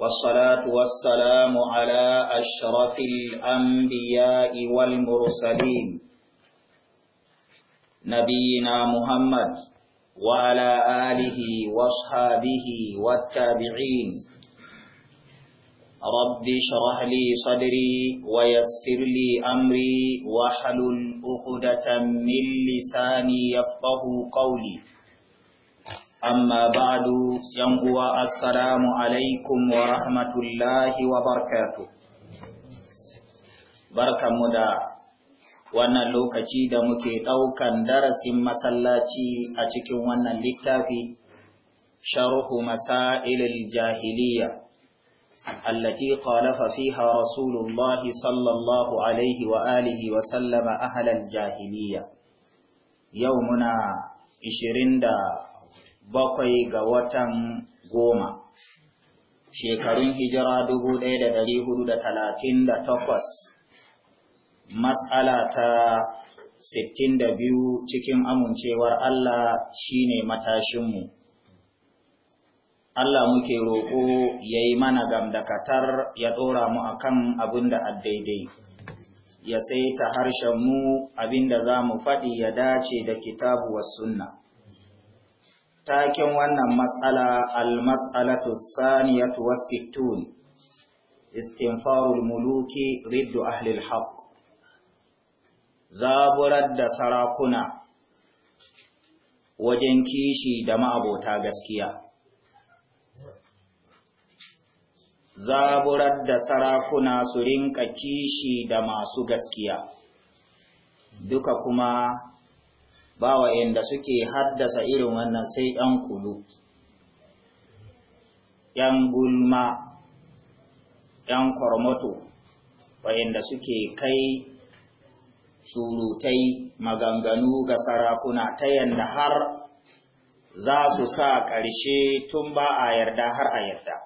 والصلاة والسلام على أشرف الأنبياء والمرسلين نبينا محمد وعلى آله واصحابه والتابعين رب شرح لي صدري ويسر لي أمري وحل أقدة من لساني يفقه قولي Amma ba'du ‘yan uwa assalamu alaikum wa rahmatullahi wa barkatu. Barkanmu da wannan lokaci da muke ɗaukan darasin masallaci a cikin wannan littafi, sharhu masailil jahiliya, allati qalafa fiha Rasulullahi sallallahu alaihi wa wa sallama ahlal jahiliya. Yau muna ishirin da bakwai ga watan goma shekarun hijira dubu ɗaya da ɗari hudu da talatin da takwas matsala ta sittin da biyu cikin amincewar Allah shine matashinmu Allah muke roƙo ya yi mana gamdakatar ya ɗora mu a kan abin da daidai ya sai ta harshenmu abin da za mu faɗi ya dace da kitabu wa sunna taken wannan matsala al-mas'alatu saniyatu wasittun istinfarul muluki riddu ahli al-haqq zaburar da sarakuna wajen kishi da ma'abota gaskiya zaburar da sarakuna su rinka kishi da masu gaskiya duka kuma ba wa'inda suke haddasa irin wannan sai ‘yan kulu, ‘yan gulma, ‘yan kormoto, wa'inda suke kai surutai maganganu ga sarakuna ta yanda har za su sa ƙarshe tun ba a yarda har a yarda.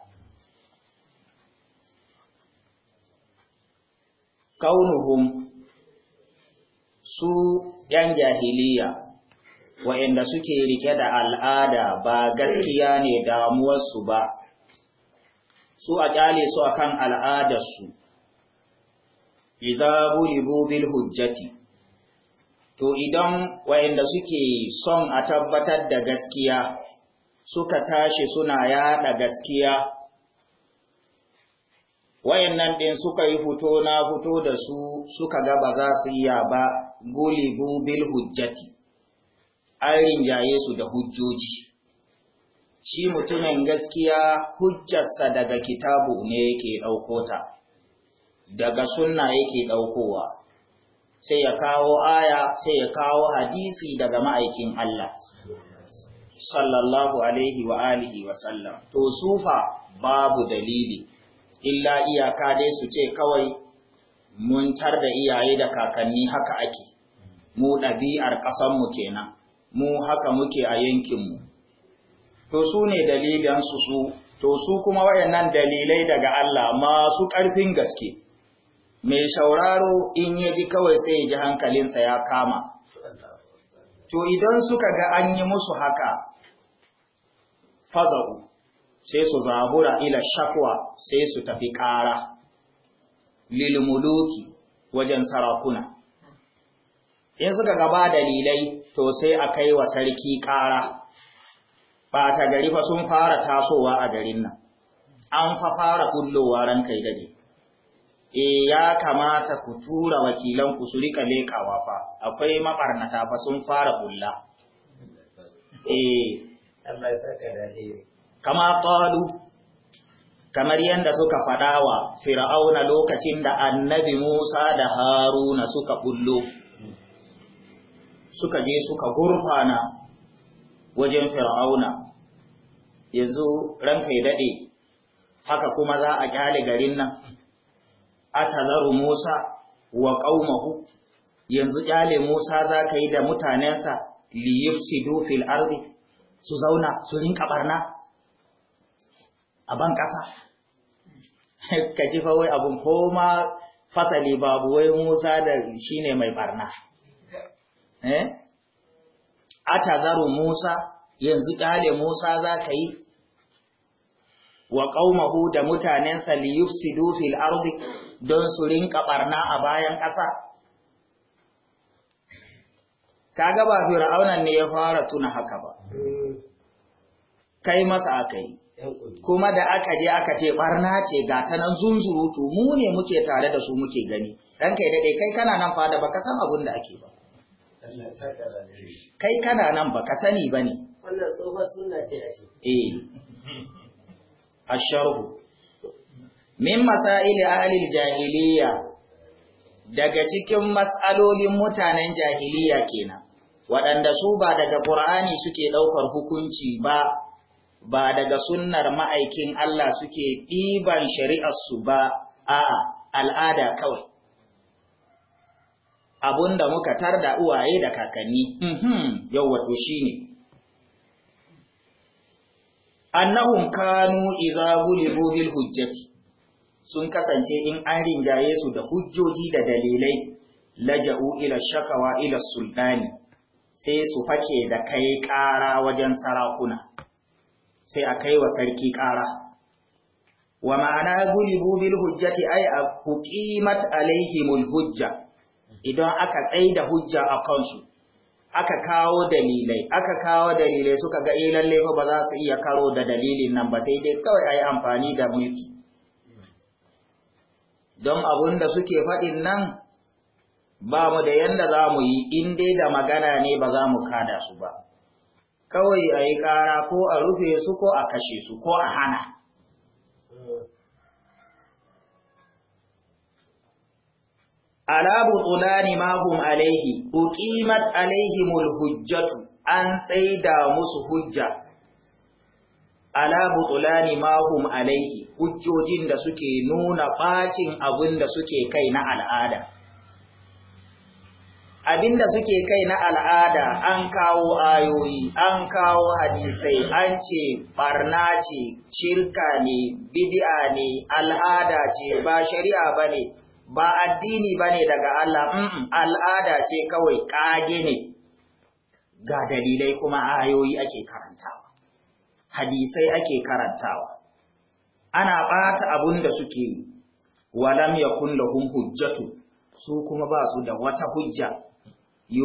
Kaunuhum su ‘yan jahiliya’ wa'inda suke rike da al'ada ba gaskiya ne damuwarsu ba, su a ƙyale su a kan al'adarsu, iza bulibu hujjati, to idan wa'inda suke son a tabbatar da gaskiya suka tashi suna yaɗa gaskiya, wayannan ɗin suka yi fito na fito da su suka ga ba za su iya ba gulibu bil hujjati. an rinjaye su da hujjoji. Shi mutumin gaskiya hujjarsa daga kitabu ne yake ɗauko ta, daga sunna yake ɗaukowa, sai ya kawo aya, sai ya kawo hadisi daga ma'aikin Allah, sallallahu Alaihi wa alihi wa sallam. To, sufa babu dalili, illa iyaka dai su ce kawai mun tar da iyaye da kakanni haka ake, mu ɗabi'ar ƙasanmu kenan. mu haka muke a yankinmu. To su ne dalilansu su, to su kuma wayannan dalilai daga Allah masu ƙarfin gaske. Mai sauraro in ya ji kawai sai ji hankalinsa ya kama. To idan suka ga an yi musu haka, faza'u sai su zabura ila shakwa sai su tafi ƙara. Lilmuluki wajen sarakuna. In suka gaba dalilai to sai a kai wa sarki ƙara ba ta gari fa sun fara tasowa a garin nan an fa fara kullowa ran kai dade e ya kamata ku tura wakilan ku su rika lekawa fa akwai mabarnata fa sun fara bulla Eh. kama qalu kamar yadda suka faɗawa fir'auna lokacin da annabi Musa da Haruna suka bullo suka je suka gurfana wajen fir'auna yanzu ranka ya daɗe haka kuma za a kyale garin nan atazaru musa wa ƙaumahu yanzu kyale musa za ka yi da mutanensa liyifsidu fil ardi su zauna su rinka barna a ban ƙasa ka ji fa wai abun koma fasali babu wai musa da shine mai barna eh atazaro Musa yanzu kale Musa za ka yi wa ƙaumahu da mutanensa li yufsidu fil ardi don su rinka barna a bayan ƙasa kaga ba fir'aunan ne ya fara tuna haka ba kai masa akai kuma da aka je aka ce ɓarna ce ga ta nan zunzurutu mu ne muke tare da su muke gani kai kai daɗe kai kana nan fada baka san abin da ake ba Kai kana nan ba ka sani ba ne. Wannan tsohon suna ce a shi. Eh. sharhu. Min masa'ili ahalil jahiliya daga cikin matsalolin mutanen jahiliya kenan, waɗanda su ba daga Ƙur'ani suke ɗaukar hukunci ba, ba daga sunnar ma'aikin Allah suke ɗiban shari'arsu ba, a'a, al'ada kawai. da muka tar da uwaye da kakanni mhm wato shi shine annahum kanu idza ghulibu bil hujjati sun kasance in an rinjaye su da hujjoji da dalilai laja'u ila shakawa ila sultani sai su fake da kai ƙara wajen sarakuna sai a kai wa sarki ƙara wa ma'ana gulibu bil hujjati ay aqimat alaihimul hujja idan aka tsaye da hujja a kansu aka kawo dalilai aka kawo dalilai suka ga eh lalle ba za su iya karo da dalilin nan ba sai dai kawai ayi amfani da mulki don abun da suke faɗin nan ba mu da yadda za mu yi in dai da magana ne ba za mu kada su ba kawai ayi yi ƙara ko a rufe su ko a kashe su ko a hana ala butulani ma hum alaihi uqimat alaihimul hujjatu an tsaida musu hujja ala butulani ma hum alaihi hujjojin da suke nuna facin abinda suke kai na al'ada abinda suke kai na al'ada an kawo ayoyi an kawo hadisai an ce barna ce shirka ne bid'a ne al'ada ce ba shari'a bane ba addini ba ne daga Allah, al'ada ce kawai ƙage ne ga dalilai kuma ayoyi ake karantawa, hadisai ake karantawa, ana ɓata abun da suke yi, walam ya kullahun hujjatu su kuma ba su da wata hujja, yi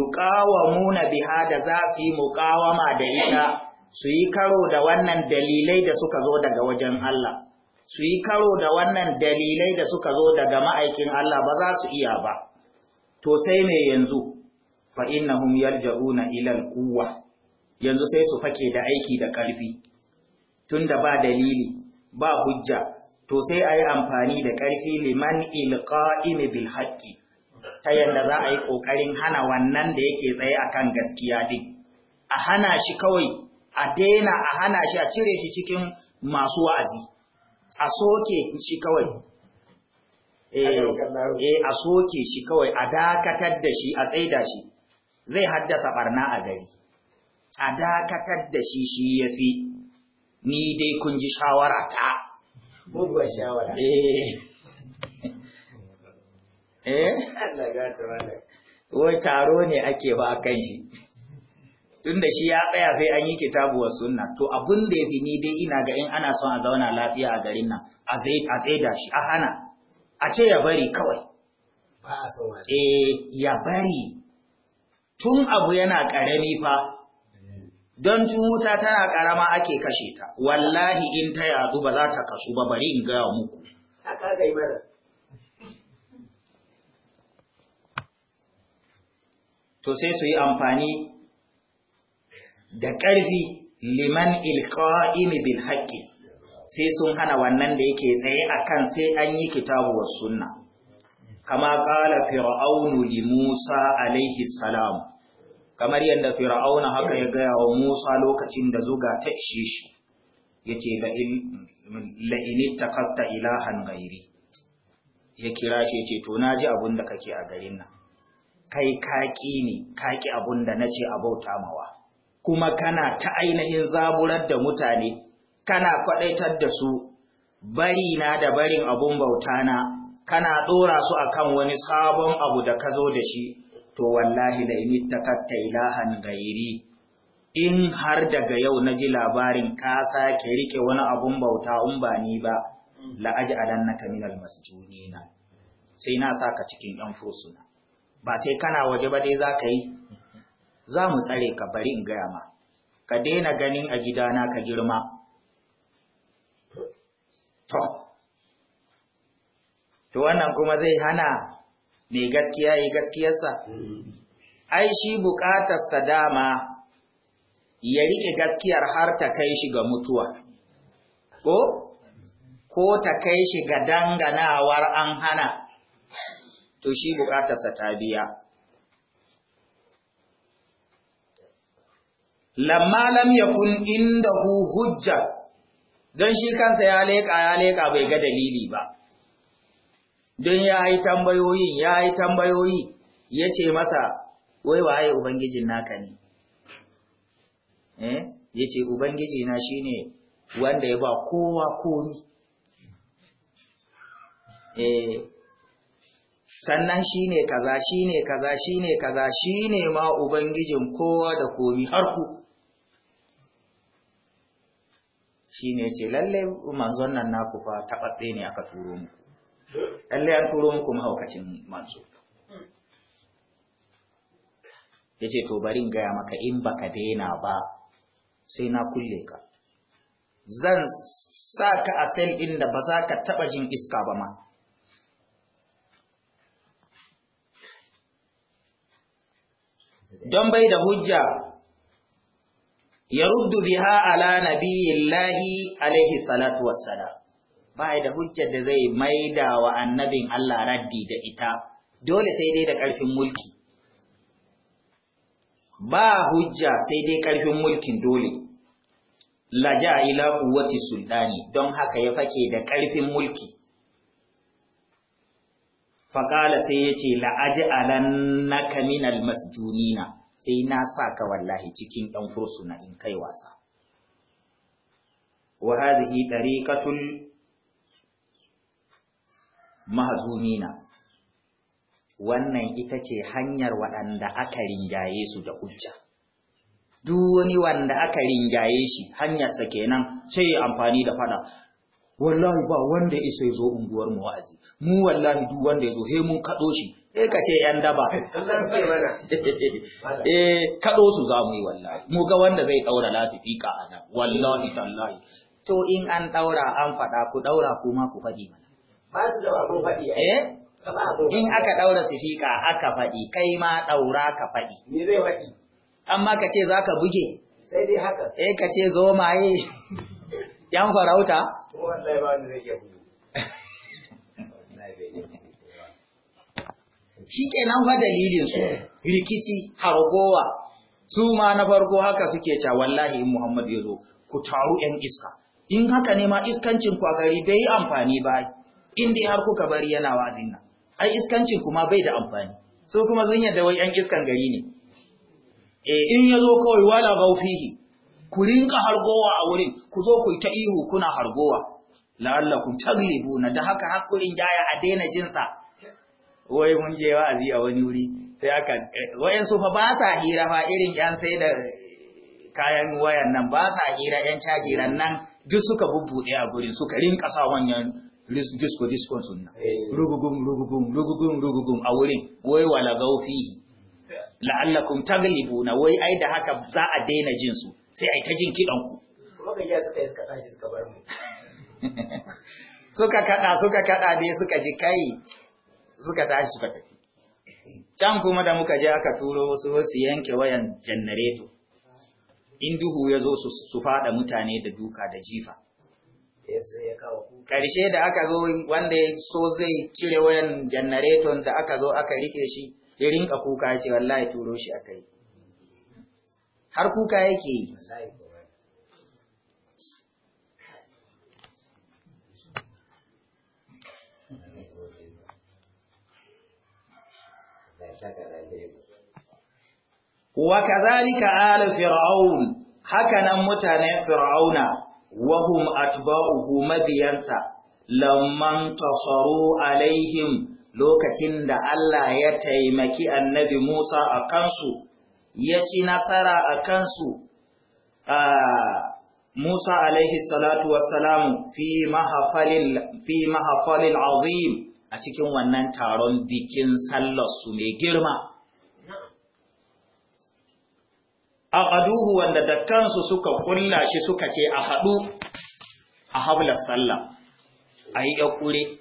muna biha da za su yi muƙawama da ita su yi karo da wannan dalilai da suka zo daga wajen Allah. su yi karo da wannan dalilai da suka zo daga ma'aikin Allah ba za su iya ba to sai mai yanzu fa na yarja'una jaruna al kuwa, yanzu sai su fake da aiki da ƙarfi tunda ba dalili ba hujja to sai ayi amfani da ƙarfi liman ilqa'in bil haƙƙi. ta yadda za a yi ƙoƙarin hana wannan da yake tsaye a kan gaskiya din a hana shi kawai a daina a hana shi a cire shi cikin masu wa'azi a soke shi kawai eh, eh a soke shi kawai a dakatar da shi a tsaida shi zai haddasa barna a gari a dakatar da shi shi ya fi ni dai kun ji shawara ta mugun shawara eh eh Allah ga ta wai taro ne ake ba kan shi tunda shi ya tsaya sai an yi kitabu wa sunna to abin da ya fi ni dai ina ga in ana son a zauna lafiya a garin nan a tsaida shi a hana a ce ya bari kawai ba a eh ya bari tun abu yana karami fa don tun wuta tana karama ake kashe ta wallahi in ta yadu ba za ta kasu ba bari in gaya muku to sai su yi amfani da ƙarfi liman ilqa'imi bil haqqi sai sun hana wannan da yake tsaye akan sai an yi kitabuwar sunna kama qala fir'aunu li Musa alaihi salam kamar yadda fir'auna haka ya gaya wa Musa lokacin da zuga ta ishe shi yace da in la in ilahan ghairi ya kira shi yace to naji abin da kake a garin nan kai kaki ne kaki abun da nace a bauta mawa kuma kana ta ainihin zaburar da mutane, kana kwaɗaitar da su, bari na da barin abun bauta na, kana ɗora su akan wani sabon abu da ka zo da shi, to wallahi ta katta ilahan gairi. in har daga yau na ji labarin ka sake rike wani abun bauta in ba ni ba la'aji a nan na alannaka juni na, sai na ka cikin yan fursuna ba sai kana waje ba dai ka yi za mu tsare ka bari in gaya ma, ka daina ganin a gidana ka girma. To, to wannan kuma zai hana mai gaskiya yi gaskiyarsa? Ai, shi bukatarsa dama ya riƙe gaskiyar har ta kai shi ga mutuwa, ko? Ko ta kai shi ga danganawar an hana, to shi bukatarsa ta biya. lamma lam yakun indahu hujja don shi kansa ya leƙa ya leƙa bai ga dalili ba don ya yi tambayoyin ya yi tambayoyi ya ce masa wai waye ubangijin naka ne eh ya ce ubangiji na shine wanda ya ba kowa komi eh sannan shi ne kaza shi ne kaza shi ne kaza shi ne ma ubangijin kowa da komi har ku Shi shine yace lalle manzon nan naku fa tababbe ne aka turo muku lalle an turo muku mahaukacin manzo yace to barin gaya maka in baka daina ba sai na kulle ka zan sa ka a sel ɗin da ba za ka taɓa jin iska ba ma. Don bai da hujja ya ruddu biha ala nabiyillahi alaihi salatu wassalam ba da hujjar da zai maida wa annabin Allah raddi da ita dole sai dai da ƙarfin mulki ba hujja sai dai ƙarfin mulkin dole laja ila kuwati sultani don haka ya fake da ƙarfin mulki faƙala sai ya ce la'aji alannaka minal masdunina sai na sa ka wallahi cikin 'yan fursuna in kai wasa wa hadhihi ɗariƙatun mahzumina wannan ita ce hanyar waɗanda aka rinjaye su da hujja duk wani wanda aka rinjaye shi hanyarsa kenan sai ya amfani da fada wallahi ba wanda isa ya zo unguwar mu wa'azi mu wallahi duk wanda ya zo he mun kaɗo shi eh ka ce ‘yan daba, eh kaɗo su za mu yi wallahi, mu ga wanda zai ɗaura lasifika a nan, wallahi tallahi. To in an ɗaura an faɗa ku ɗaura kuma ku faɗi mana. Ba su da abin faɗi eh? In aka ɗaura sifika aka faɗi, kai ma ɗaura ka faɗi. Me zai faɗi? Amma ka ce za ka buge? Sai dai haka. Eh ka ce zo maye, ‘yan farauta? Wallahi ba zai iya buge. shi kenan fa dalilin su eh. rikici hargowa su ma na farko haka suke ca wallahi in Muhammad ya zo ku taru 'yan iska in haka ne ma iskancin ku a gari bai yi amfani ba in dai har kuka bari yana wazin nan ai iskancin kuma bai da amfani so kuma zan yadda wai 'yan iskan gari ne eh in ya zo kawai wala gaufihi ku rinka hargowa a wurin ku zo ku ta ihu kuna hargowa la'allakum taglibuna da haka hakurin jaya a daina jinsa wai mun je wa'azi a wani wuri sai aka su fa ba sa hira fa irin yan sai da kayan wayan nan ba sa hira yan cagiran nan duk suka bubbude a gurin suka rinka sa wannan disco disco sunna eh. rugugum rugugum rugugum rugugum a wurin wai wala gaufi la'allakum taglibuna wai ai da haka za a daina jin su sai ai ta jin kidan ku suka kada suka kada ne suka ji kai suka tashi suka tafi can kuma da muka je aka turo wasu wasu yanke wayan janareto in duhu ya zo su fada mutane da duka da jifa ƙarshe da aka zo wanda ya so zai cire wayan janareton da aka zo aka rike shi ya rinka kuka ya ce wallahi turo shi aka yi har kuka yake yi wa kazalika ala fir'aun hakanan mutanen fir'auna wahum atba'uhu mabiyansa lamman tasaru alaihim lokacin da Allah ya taimaki annabi Musa a kansu ya ci nasara a kansu Musa alaihi salatu wassalamu fi mahafalin azim a cikin wannan taron bikin sallar su mai girma a aduhu wanda da kansu suka kulla shi suka ce a haɗu a hablar sallah a yi ƙure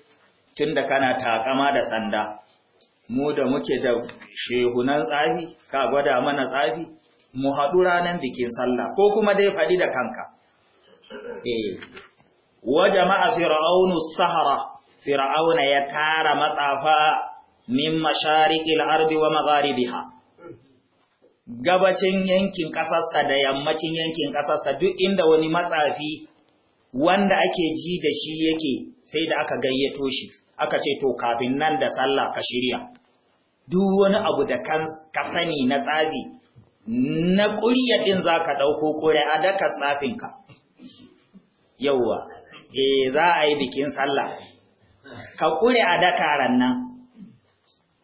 tun kana takama da sanda mu da muke da shehunan tsafi ka gwada mana tsafi mu haɗu ranar bikin sallah ko kuma dai faɗi da kanka eh wa jama'a fir'aunu sahara fir'auna ya tara matsafa min masharikil ardi wa magharibiha gabacin yankin ƙasarsa da yammacin yankin ƙasarsa duk inda wani matsafi wanda ake ji da shi yake sai da aka gayyato shi aka ce to kafin nan da sallah ka shirya duk wani abu da ka sani na tsafi na ƙurya ɗin za ka ɗauko ƙure a daka tsafinka yauwa e za a yi bikin sallah ka ƙure a daka rannan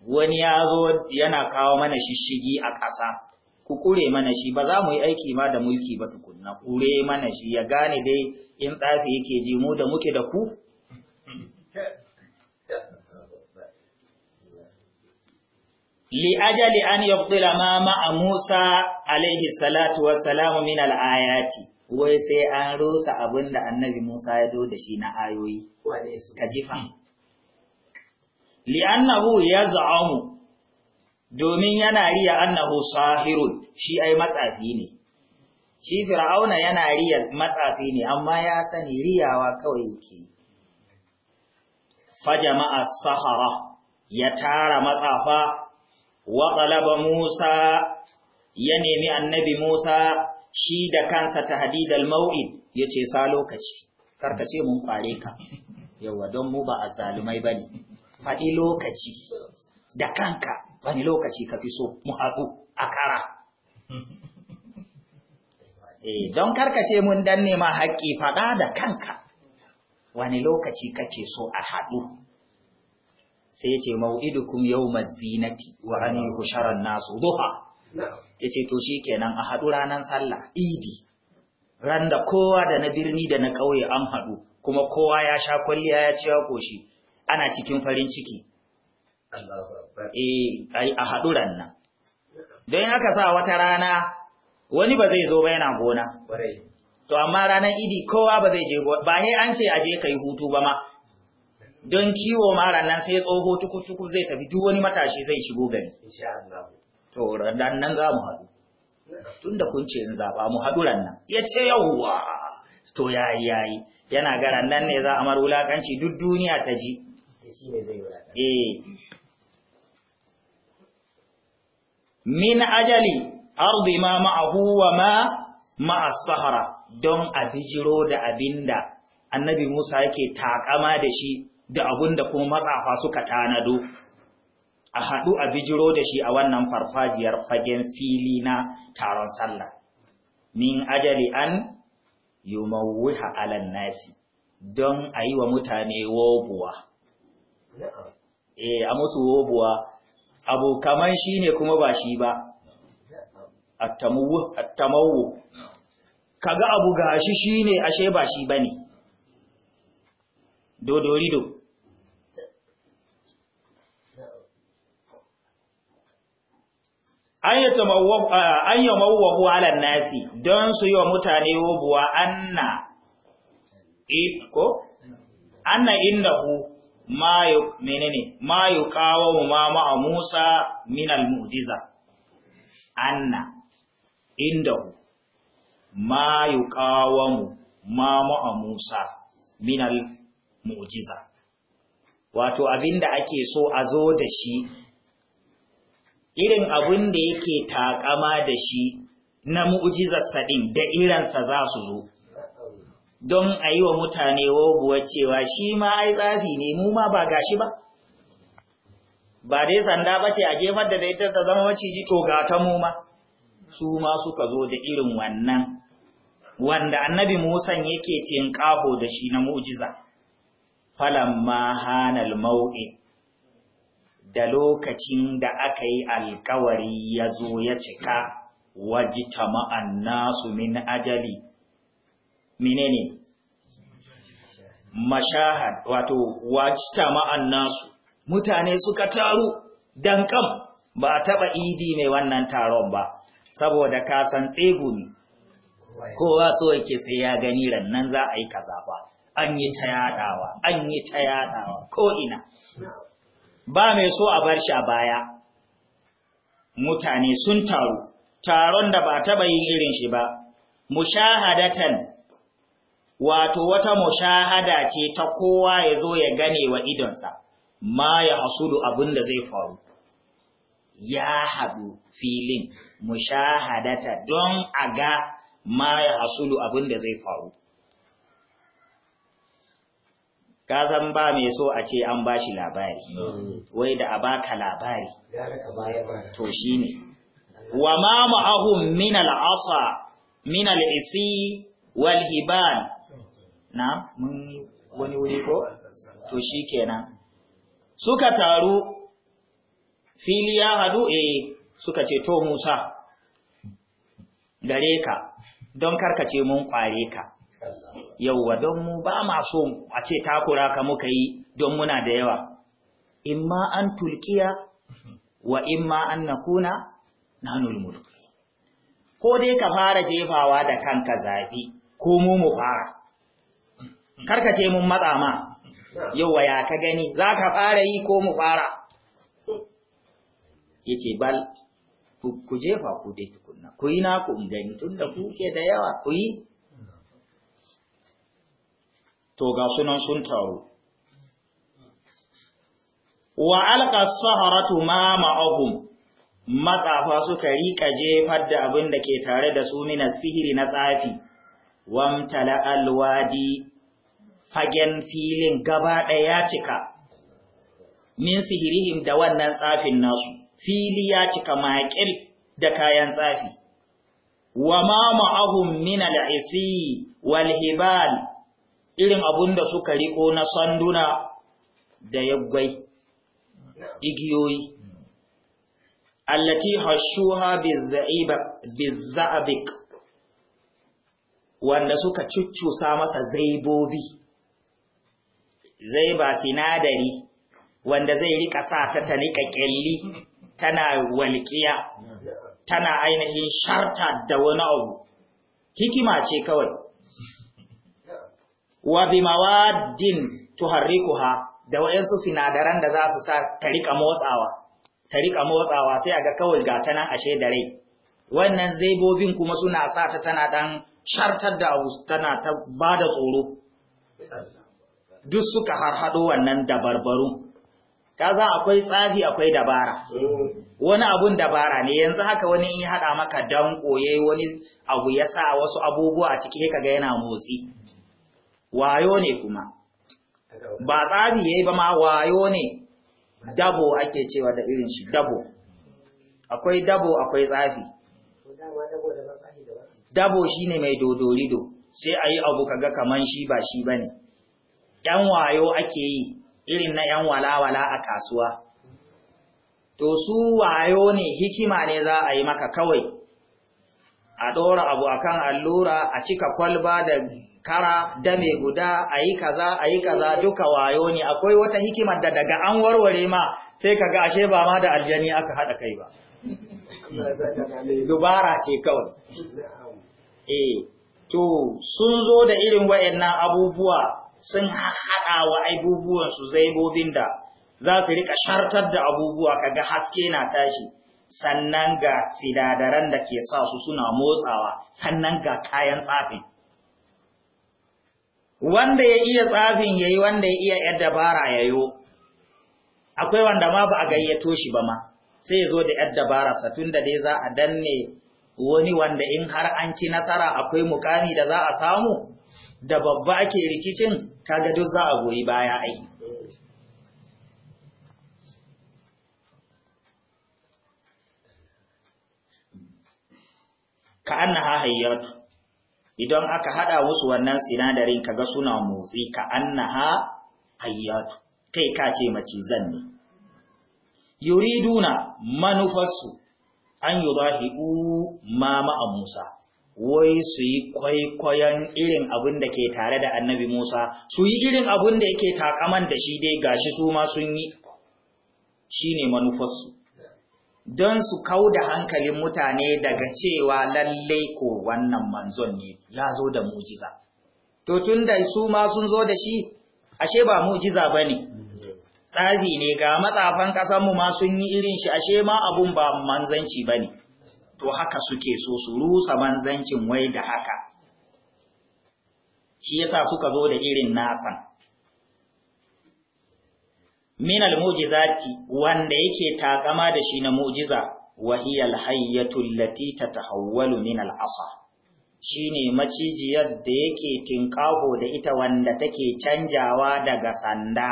wani ya zo yana kawo mana shishigi a ƙasa ku kure mana shi ba za mu yi aiki ma da mulki ba tukunna kure mana shi ya gane dai in tsafi yake ji mu da muke da ku li ajali an yabdila ma ma Musa alaihi salatu wa salamu, min al-ayati wai sai an rusa abinda annabi Musa ya do da shi na ayoyi Ka jifa li annahu yaz'amu domin yana riya annahu sahirun shi ai matsafi ne shi fir'auna yana riya matsafi ne amma ya sani riyawa kawai yake fajama'a sahara ya tara matsafa wa talaba Musa ya nemi annabi Musa shi da kansa tahdidal mau'id yace sa lokaci karkace mun kware ka yawa don mu ba azzalumai bane faɗi lokaci da kanka wani lokaci ka fi so mu haɗu a kara eh, don karkace mun dan nema haƙƙi faɗa da kanka wani lokaci kake so a haɗu sai ya ce mau'idukum yau mazinati wa an yi husharar nasu duha ya ce to shi kenan a haɗu ranar sallah idi ran da kowa da na birni da na ƙauye an haɗu kuma kowa ya sha kwalliya ya ce ya ƙoshi ana cikin farin ciki Eh, a haɗuran nan. Don haka sa wata rana wani ba zai zo ba yana gona. To amma ranar idi kowa ba zai je gona, ba sai an ce aje ka yi hutu ba ma. Don kiwo ma ranar sai tsoho tukutuku zai tafi duk wani matashi zai shigo gari. To ranar nan za mu haɗu. Tun da kun ce in zaɓa mu haɗu ranar. Ya ce yawwa. To yayi yi. Yana ga ranar ne za a mar wulaƙanci duk duniya ta ji. Eh, min ajali ardi ma ma'ahu wa ma ma'a sahara don a bijiro da abinda annabi Musa yake takama da shi da abinda kuma matsafa suka tanado a haɗu a bijiro da shi a wannan farfajiyar fagen fili na taron sallah min ajali an yumawwiha alan nasi don a yi wa mutane wobuwa. Eh, a musu wobuwa abu kaman shi ne kuma ba shi ba attamawo kaga abu ga shi shi ne ashe ba shi ba ne dodorido an yi mawuwahu halar nasi don su yi wa mutane yobuwa anna ko anna inda ku menene ma kawo ma ma'a Musa min al-mu'jiza anna indahu ma kawo ma ma'a Musa min al-mu'jiza wato abinda ake so a zo da shi irin abin da yake takama da shi na mu'jizar sadin da iransa za su zo don a yi wa mutane woguwa cewa shi ma ai tsafi ne mu ma ba gashi ba ba dai sanda ba ce a jefar da ita ta zama maciji to ga ta mu ma su ma suka zo da irin wannan wanda annabi musan yake tinƙaho da shi na mu'jiza falamma hanal mau'i. da lokacin da aka yi alkawari ya zo ya cika wajita ma'an nasu min ajali menene mashahad wato wajita ma'an nasu mutane suka taru dan kam ba a taɓa idi mai wannan taron ba saboda ka san tsegumi kowa so yake sai ya gani rannan za a yi kaza ba an yi ta yadawa an yi ta yadawa ko ina ba mai so a bar shi a baya mutane sun taru taron da ba taɓa yin irin shi ba mushahadatan wato wata mushahada ce ta kowa ya zo ya gane wa idonsa, ma ya hasudu abin da zai faru. Ya haɗu filin mushahadata don a ga ma ya hasudu abin da zai faru. Ka san ba mai so a ce an ba shi labari, wai da a baka labari, to shi ne. Wa ma ma'ahun min al'asa, min al'isi wal na mun wani wuri ko to shi kenan suka taru fili ya hadu E, suka ce to musa gare ka don karkace mun kware ka yauwa don mu ba ma so a ce takura ka muka yi don muna da yawa imma an tulkiya wa imma an nakuna nanul mulki ko dai ka fara jefawa da kanka zabi ko mu mu fara karkace mun matsa ma yauwa ya ka gani za ka fara yi ko mu fara ya ce bal ku jefa ku dai tukunna ku yi naku in gani tun da kuke da yawa ku yi to ga sunan sun taru wa alƙa saharatu ma ma'ahum matsafa suka riƙa jefar da abin da ke tare da su mina sihiri na tsafi wamtala alwadi fagen filin gaba ɗaya ya cika min sihirihim da wannan tsafin nasu fili ya cika maƙil da kayan tsafi wa ma ma'ahun min al'isi wal hibal irin abun da suka riko na sanduna da yaggwai igiyoyi allati hashuha bizza'abik wanda suka cuccusa masa zaibobi zai ba sinadari wanda zai rika sa ta ta rika kyalli tana walƙiya tana ainihin sharta da wani abu hikima ce kawai wa bi mawaddin tuharrikuha da wayansu sinadaran da za su sa ta rika motsawa ta rika motsawa sai aga kawai ga tana nan ashe da rai wannan zaibobin kuma suna sa ta tana ɗan shartar da abu tana ta bada tsoro duk suka harhaɗo wannan dabarbaru Kaza akwai tsafi akwai dabara, wani abun dabara ne yanzu haka wani in haɗa maka don koye wani abu ya sa wasu abubuwa a ciki kaga yana motsi. Wayo ne kuma, ba tsafi ya yi ba ma wayo ne, dabo ake cewa da irin shi dabo. Akwai dabo akwai tsafi. Dabo shi ne mai dodorido, sai a yi abu kaga kamar shi ba shi ba ne. ‘yan wayo ake yi irin na ‘yan wala-wala a kasuwa. To su wayo ne hikima ne za a yi maka kawai, a ɗora abu a kan allura, a cika kwalba da kara dame guda, a yi kaza, a yi kaza duka wayo ne, akwai wata hikimar da daga an warware ma sai ka ga ashe ba ma da aljani aka haɗa kai ba. Dubara ce kawai. Eh, to sun zo da irin wa'yan abubuwa sun haɗa wa abubuwansu zaibobin da za su rika shartar da abubuwa kaga haske na tashi sannan ga sidadaran da ke sa su suna motsawa sannan ga kayan tsafin wanda ya iya tsafin yayi wanda ya iya yar dabara yayo akwai wanda ma ba a gayyato shi ba ma sai ya zo da yar sa tunda dai za a danne wani wanda in har an ci nasara akwai mukami da za a samu da babba ake rikicin kaga duk za a goyi baya ai ka annaha hayyatu idan aka hada musu wannan sinadarin kaga suna motsi ka annaha hayyatu kai ka ce macizan ne yuriduna manufarsu an yudahiqu ma a Musa wai su yi kwaikwayon irin abin da ke tare da annabi Musa, su yi irin abin da yake takaman da shi dai gashi su ma sun yi, shi ne manufarsu. Don su kau da hankalin mutane daga cewa lalle ko wannan manzon ne ya zo da mujiza. To tun da su ma sun zo da shi, ashe ba mujiza ba ne, tsazi ne ga matsafan ƙasanmu ma sun yi irin shi ashe ma abun ba manzanci ba ne. to haka suke so su rusa banzancin wai da haka shi yasa suka zo da irin nasan min almujizati wanda yake takama da shi na mujiza wa hiya alhayyatu allati tatahawwalu min al'asa shine macijiyar da yake tinkaho da ita wanda take canjawa daga sanda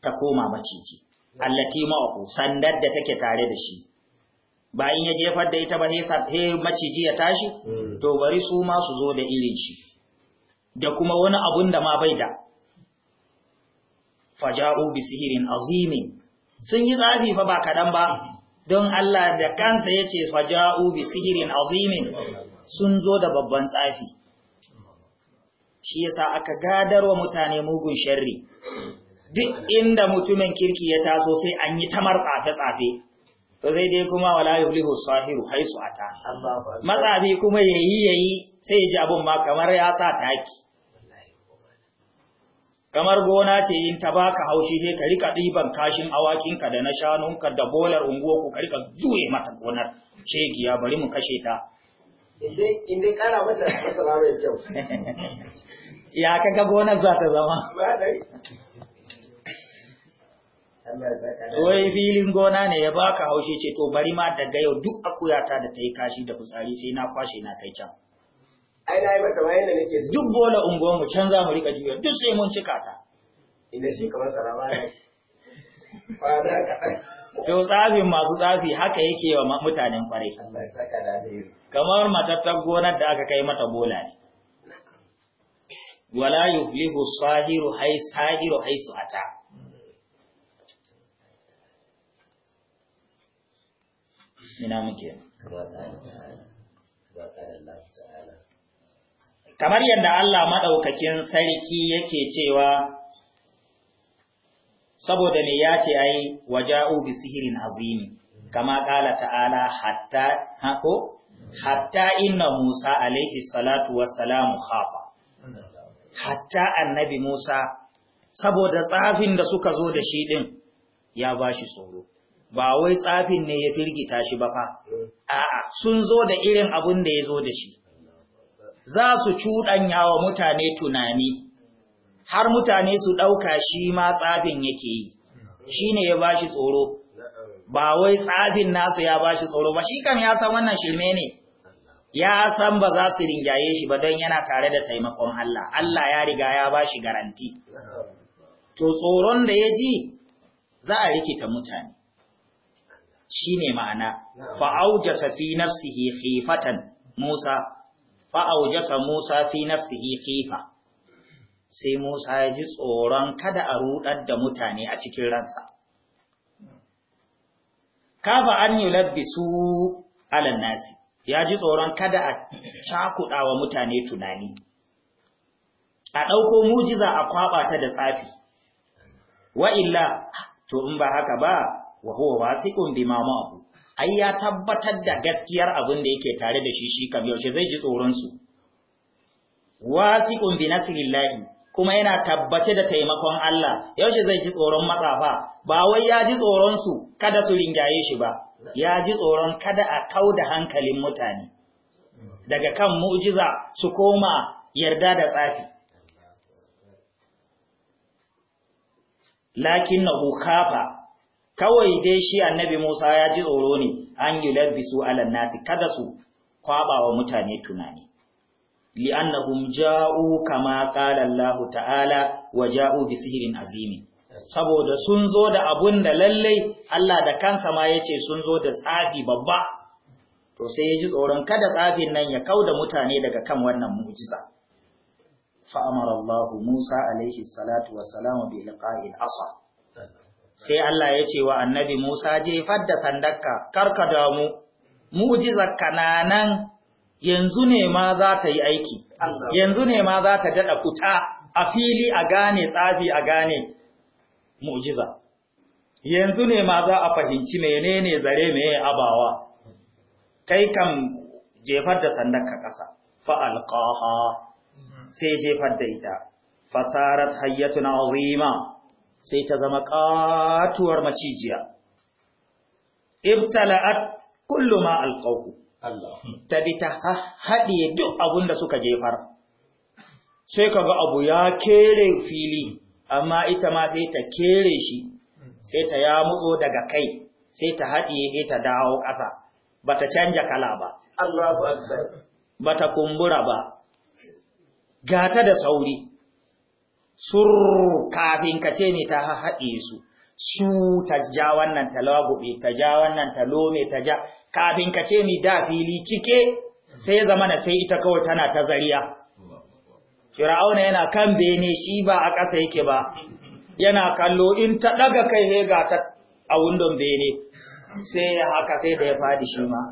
ta koma maciji allati ma'u sandar da take tare da shi ba ya jefar da ita ba ne sai maciji ya tashi hmm. to bari su ma su zo da irin shi da kuma wani abun da ma bai da faja'u bi sihirin azim sun yi tsafi fa ba kaɗan ba don Allah da kansa yace ce faja'u bi sihirin azim sun zo da babban tsafi shi yasa aka wa mutane mugun sharri duk inda mutumin kirki ya taso sai an yi tamar tsafe-tsafe to zai dai kuma wala yulihu sahiru haisu ata matsafi kuma yayi yayi sai ji abun ma kamar ya sa taki kamar gona ce in ta baka haushi sai ka rika diban kashin awakinka da na shanunka da bolar unguwarku ka rika juye mata gonar giya bari mu kashe ta in dai kara mata mai kyau ya kaga gonar za ta zama wai filin gona ne ya baka haushi ce to bari ma daga yau duk akuyata da ta yi kashi da fitsari sai na kwashe na kai can ai na mata bayan da nake duk bola unguwan mu can za mu rika juya duk sai mun cika ta inda shi kamar sarama ne to tsafin masu tsafi haka yake wa mutanen kwarai kamar matattar gonar da aka kai mata bola ne wala yuflihu sahiru hay sahiru su ata ina muke kamar yadda Allah maɗaukakin sarki yake cewa saboda ne ya ce ai waja'u bi sihirin azimi kama ƙala ta'ala hatta hako hatta inna Musa alaihi salatu wassalamu khafa hatta annabi Musa saboda tsafin da suka zo da shi din ya bashi tsoro ba wai tsafin ne ya firgita shi ba fa a'a sun zo da irin abun da ya zo da shi za su cuɗanya wa mutane tunani har mutane su ɗauka shi ma tsafin yake yi shi ne ya ba shi tsoro ba wai tsafin nasu ya ba shi tsoro ba shi kam ya san wannan shirme ne ya san ba za su ringaye shi ba don yana tare da taimakon Allah Allah ya riga ya ba shi garanti to tsoron da ya ji za a rikita mutane Shi ne ma'ana fa'aujasa fi nafsihi khifatan Musa fa'aujasa Musa fi nafsihi khifa sai Musa ya ji tsoron kada a rudar da mutane a cikin ransa kafa an yulabbisu alan nasi ya ji tsoron kada a cakuɗa wa mutane tunani a ɗauko mujiza a kwaɓa ta da tsafi wa'illa to in ba haka ba wa huwa wasiqun bima ma'ahu ai ya tabbatar da gaskiyar abin da yake tare da shi shi kam yaushe zai ji tsoron su wasiqun bi nasrillahi kuma yana tabbace da taimakon Allah yaushe zai ji tsoron matsafa ba wai ya ji tsoron su kada su ringaye shi ba ya ji tsoron kada a kau da hankalin mutane daga kan mu'jiza su koma yarda da tsafi lakinnahu kafa. kawai dai shi annabi Musa ya ji tsoro ne an yi labbisu alan nasi kada su kwaba wa mutane tunani li'annahum ja'u kama qala Allah ta'ala wa ja'u bi sihrin azimi saboda sun zo da abun da lallai, Allah da kansa ma yace sun zo da tsafi babba to sai ya ji tsoron kada tsafin nan ya kauda mutane daga kan wannan mu'jiza fa Allah Musa alaihi salatu wa bi liqa'il asa sai Allah ya ce wa annabi Musa jefar da sandakka karka damu mu'jizarka na yanzu ne ma za ta yi aiki yanzu ne ma za ta dada kuta a fili a gane tsafi a gane mu'jiza yanzu ne ma za a fahimci menene zare me abawa kai kam jefar da sandakka ƙasa fa alqaha sai jefar da ita fasarat hayyatun azima sai ta zama ƙatuwar macijiya ibtala'at kullu ma alqawu ta bi ta haɗiye duk abun da suka jefar sai kaga abu ya kere fili amma ita ma sai ta kere shi sai ta ya mutso daga kai sai ta haɗiye sai ta dawo ƙasa bata canja kala ba bata kumbura ba gata da sauri sur kafin ka ce ne ta haɗe su su ta ja wannan ta ta ja wannan ta ta ja kafin ka ce ne da fili cike sai zama na sai ita kawai tana ta zariya Fir'auna yana kan bene shi ba a ƙasa yake ba, yana kallo in ta ɗaga kai ne ga ta a wundon bene, sai haka sai da ya faɗi shi ma.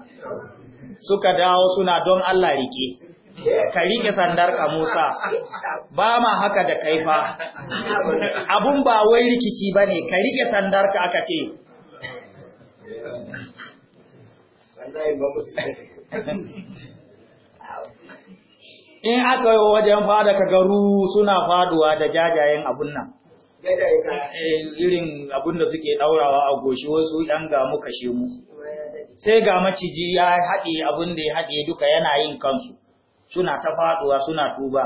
Suka dawo suna don Allah rike, ka rike sandar ka Musa ba ma haka da kaifa abun ba wai rikici bane ka rike sandar ka aka ce in aka yi wajen fada ka garu suna faduwa da jajayen abun nan irin abun da suke ɗaurawa a goshi wasu yan gamu kashe mu sai ga maciji ya haɗe abun da ya haɗe duka yana yin kansu suna ta faduwa suna tuba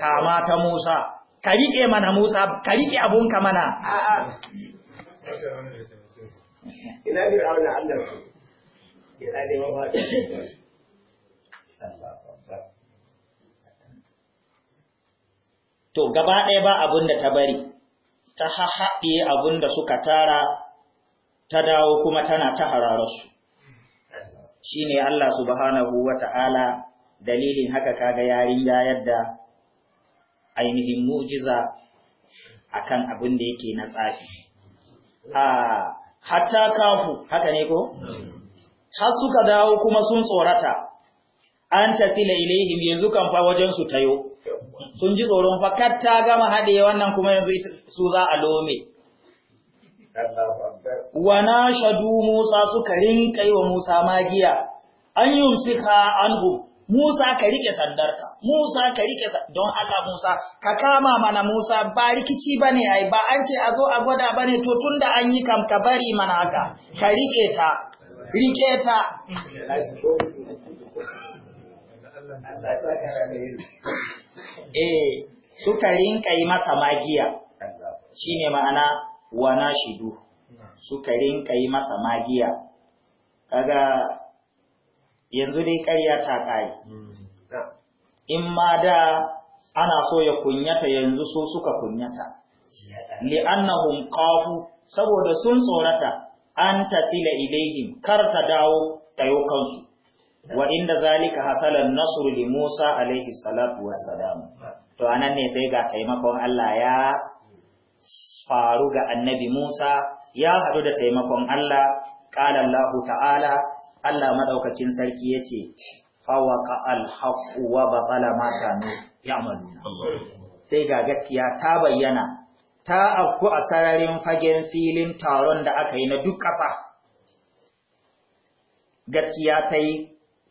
kama ta Musa ka riƙe mana Musa ka riƙe abunka mana ina bi wannan Allah ina ne ba to gaba ɗaya ba abin da ta bari ta haɗe abin da suka tara ta dawo kuma tana ta harararsu shine Allah subhanahu wa ta'ala dalilin haka kaga yarinya yadda ainihin mu'jiza akan abin da yake na tsafi a hatta kafu haka ne ko har suka dawo kuma sun tsorata an tafi ilaihim yanzu kan fa wajen su tayo sun ji tsoron fa kar ta gama haɗe wannan kuma yanzu su za a lome wa nashadu Musa suka rinka yi wa Musa magiya an yumsika anhu Musa ka rike sandarka, Musa ka rike don Allah Musa, ka kama mana Musa ba rikici ba ne ai, ba an ce a zo a gwada ba ne to tun da an yi kam ka bari mana haka, ka rike ta, rike ta. Eh, suka rinka yi masa magiya, shi ne ma'ana wana shidu, suka rinka yi masa magiya, kaga yanzu dai ƙarya ta ƙari hmm. in ma da ana so ya kunyata yanzu so suka kunyata li'annahum qafu saboda sun tsorata an tafila ilaihim kar ta dawo tayo kansu wa inda zalika hasala nasru li Musa alaihi salatu wassalam to anan ne sai ga taimakon Allah ya faru ga annabi Musa ya haɗu da taimakon Allah qala ta'ala Allah madaukakin sarki yace fawaqa al-haqqu wa batala ma kanu ya'maluna sai ga gaskiya ta bayyana ta afku a sararin fagen filin taron da aka yi na duk ƙasa gaskiya ta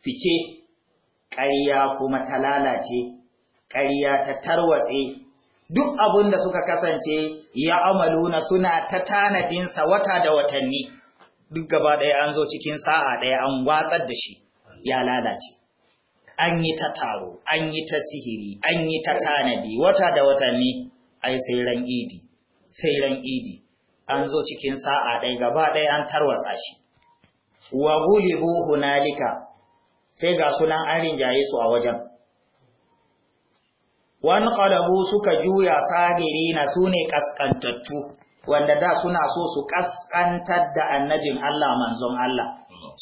fice ƙarya kuma ta lalace ƙarya ta tarwatse duk abin da suka kasance ya amaluna suna ta tanadinsa wata da watanni duk gaba ɗaya an zo cikin sa'a ɗaya an watsar da shi ya lalace an yi ta taro an yi ta sihiri an yi ta tanadi wata da watanni ai sai ran idi sai ran idi an zo cikin sa'a ɗaya gaba ɗaya an tarwatsa shi wa gulibu hunalika sai ga sunan an rinjaye su a wajen wani ƙalabu suka juya sagiri na su ne ƙasƙantattu wanda da suna so su kaskantar da annabin Allah manzon Allah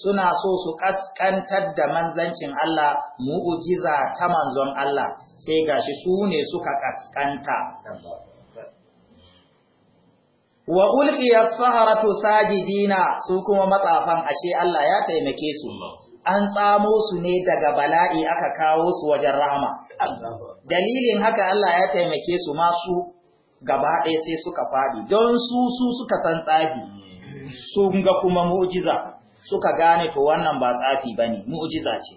suna so su kaskantar da manzancin Allah mu'ujiza ta manzon Allah sai gashi su ne suka kaskanta wa ulqiya saharatu sajidina su kuma matsafan ashe Allah ya taimake su an tsamo su ne daga bala'i aka kawo su wajen rahama dalilin haka Allah ya taimake su masu gaba ɗaya sai suka faɗi don su su suka san tsafi sun ga kuma mu'jiza suka gane to wannan ba tsafi ba ne mu'jiza ce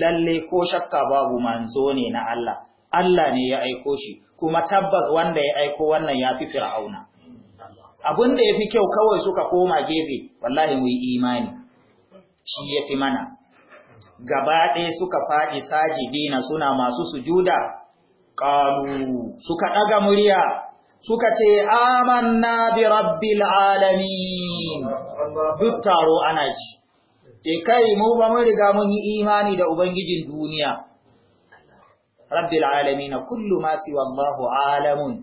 lalle ko shakka babu manzo ne na Allah Allah ne ya aiko shi kuma tabbas wanda ya aiko wannan ya fi fir'auna Abun da ya fi kyau kawai suka koma gefe wallahi mu yi imani shi ya fi mana gaba ɗaya suka faɗi sajidina suna masu sujuda ƙalu suka ɗaga murya suka ce amanna bi rabbil alamin duk taro ana ji ce kai mu ba mun riga mun yi imani da ubangijin duniya rabbil alamin kullu ma siwa alamun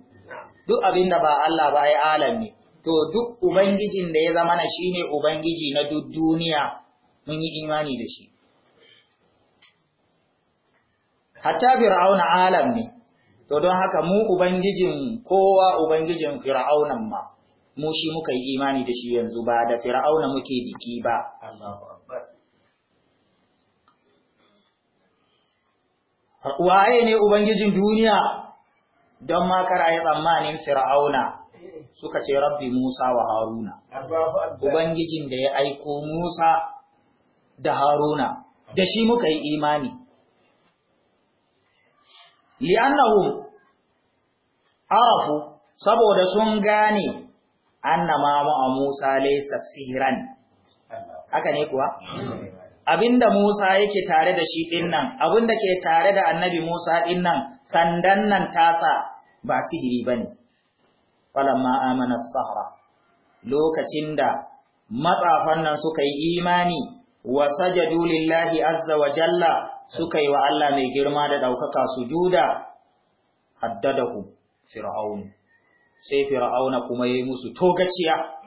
duk abinda ba Allah ba ai alam ne to duk ubangijin da ya zama na shine ubangiji na duk duniya mun yi imani da shi hatta fir'auna alam ne To don haka mu Ubangijin kowa Ubangijin Fir'aunan ma, mu shi muka yi imani da shi yanzu ba da Fir'auna muke biki ba. Waye ne Ubangijin duniya don makara ya tsammanin Fir'auna suka ce Rabbi Musa wa Haruna. Ubangijin da ya aiko Musa da Haruna, da shi muka yi imani. li'annahum arafu saboda sun gane annama ma'a Musa laysa sihran haka ne kuwa abinda Musa yake tare da shi dinnan abinda ke tare da annabi Musa dinnan sandan nan tasa ba sihiri bane falamma amana sahra lokacin da matsafan nan suka yi imani wa sajadu lillahi azza wa jalla suka yi wa Allah mai girma da ɗaukaka juda, haddadahu fir'aun sai fir'auna kuma yayi musu togaciya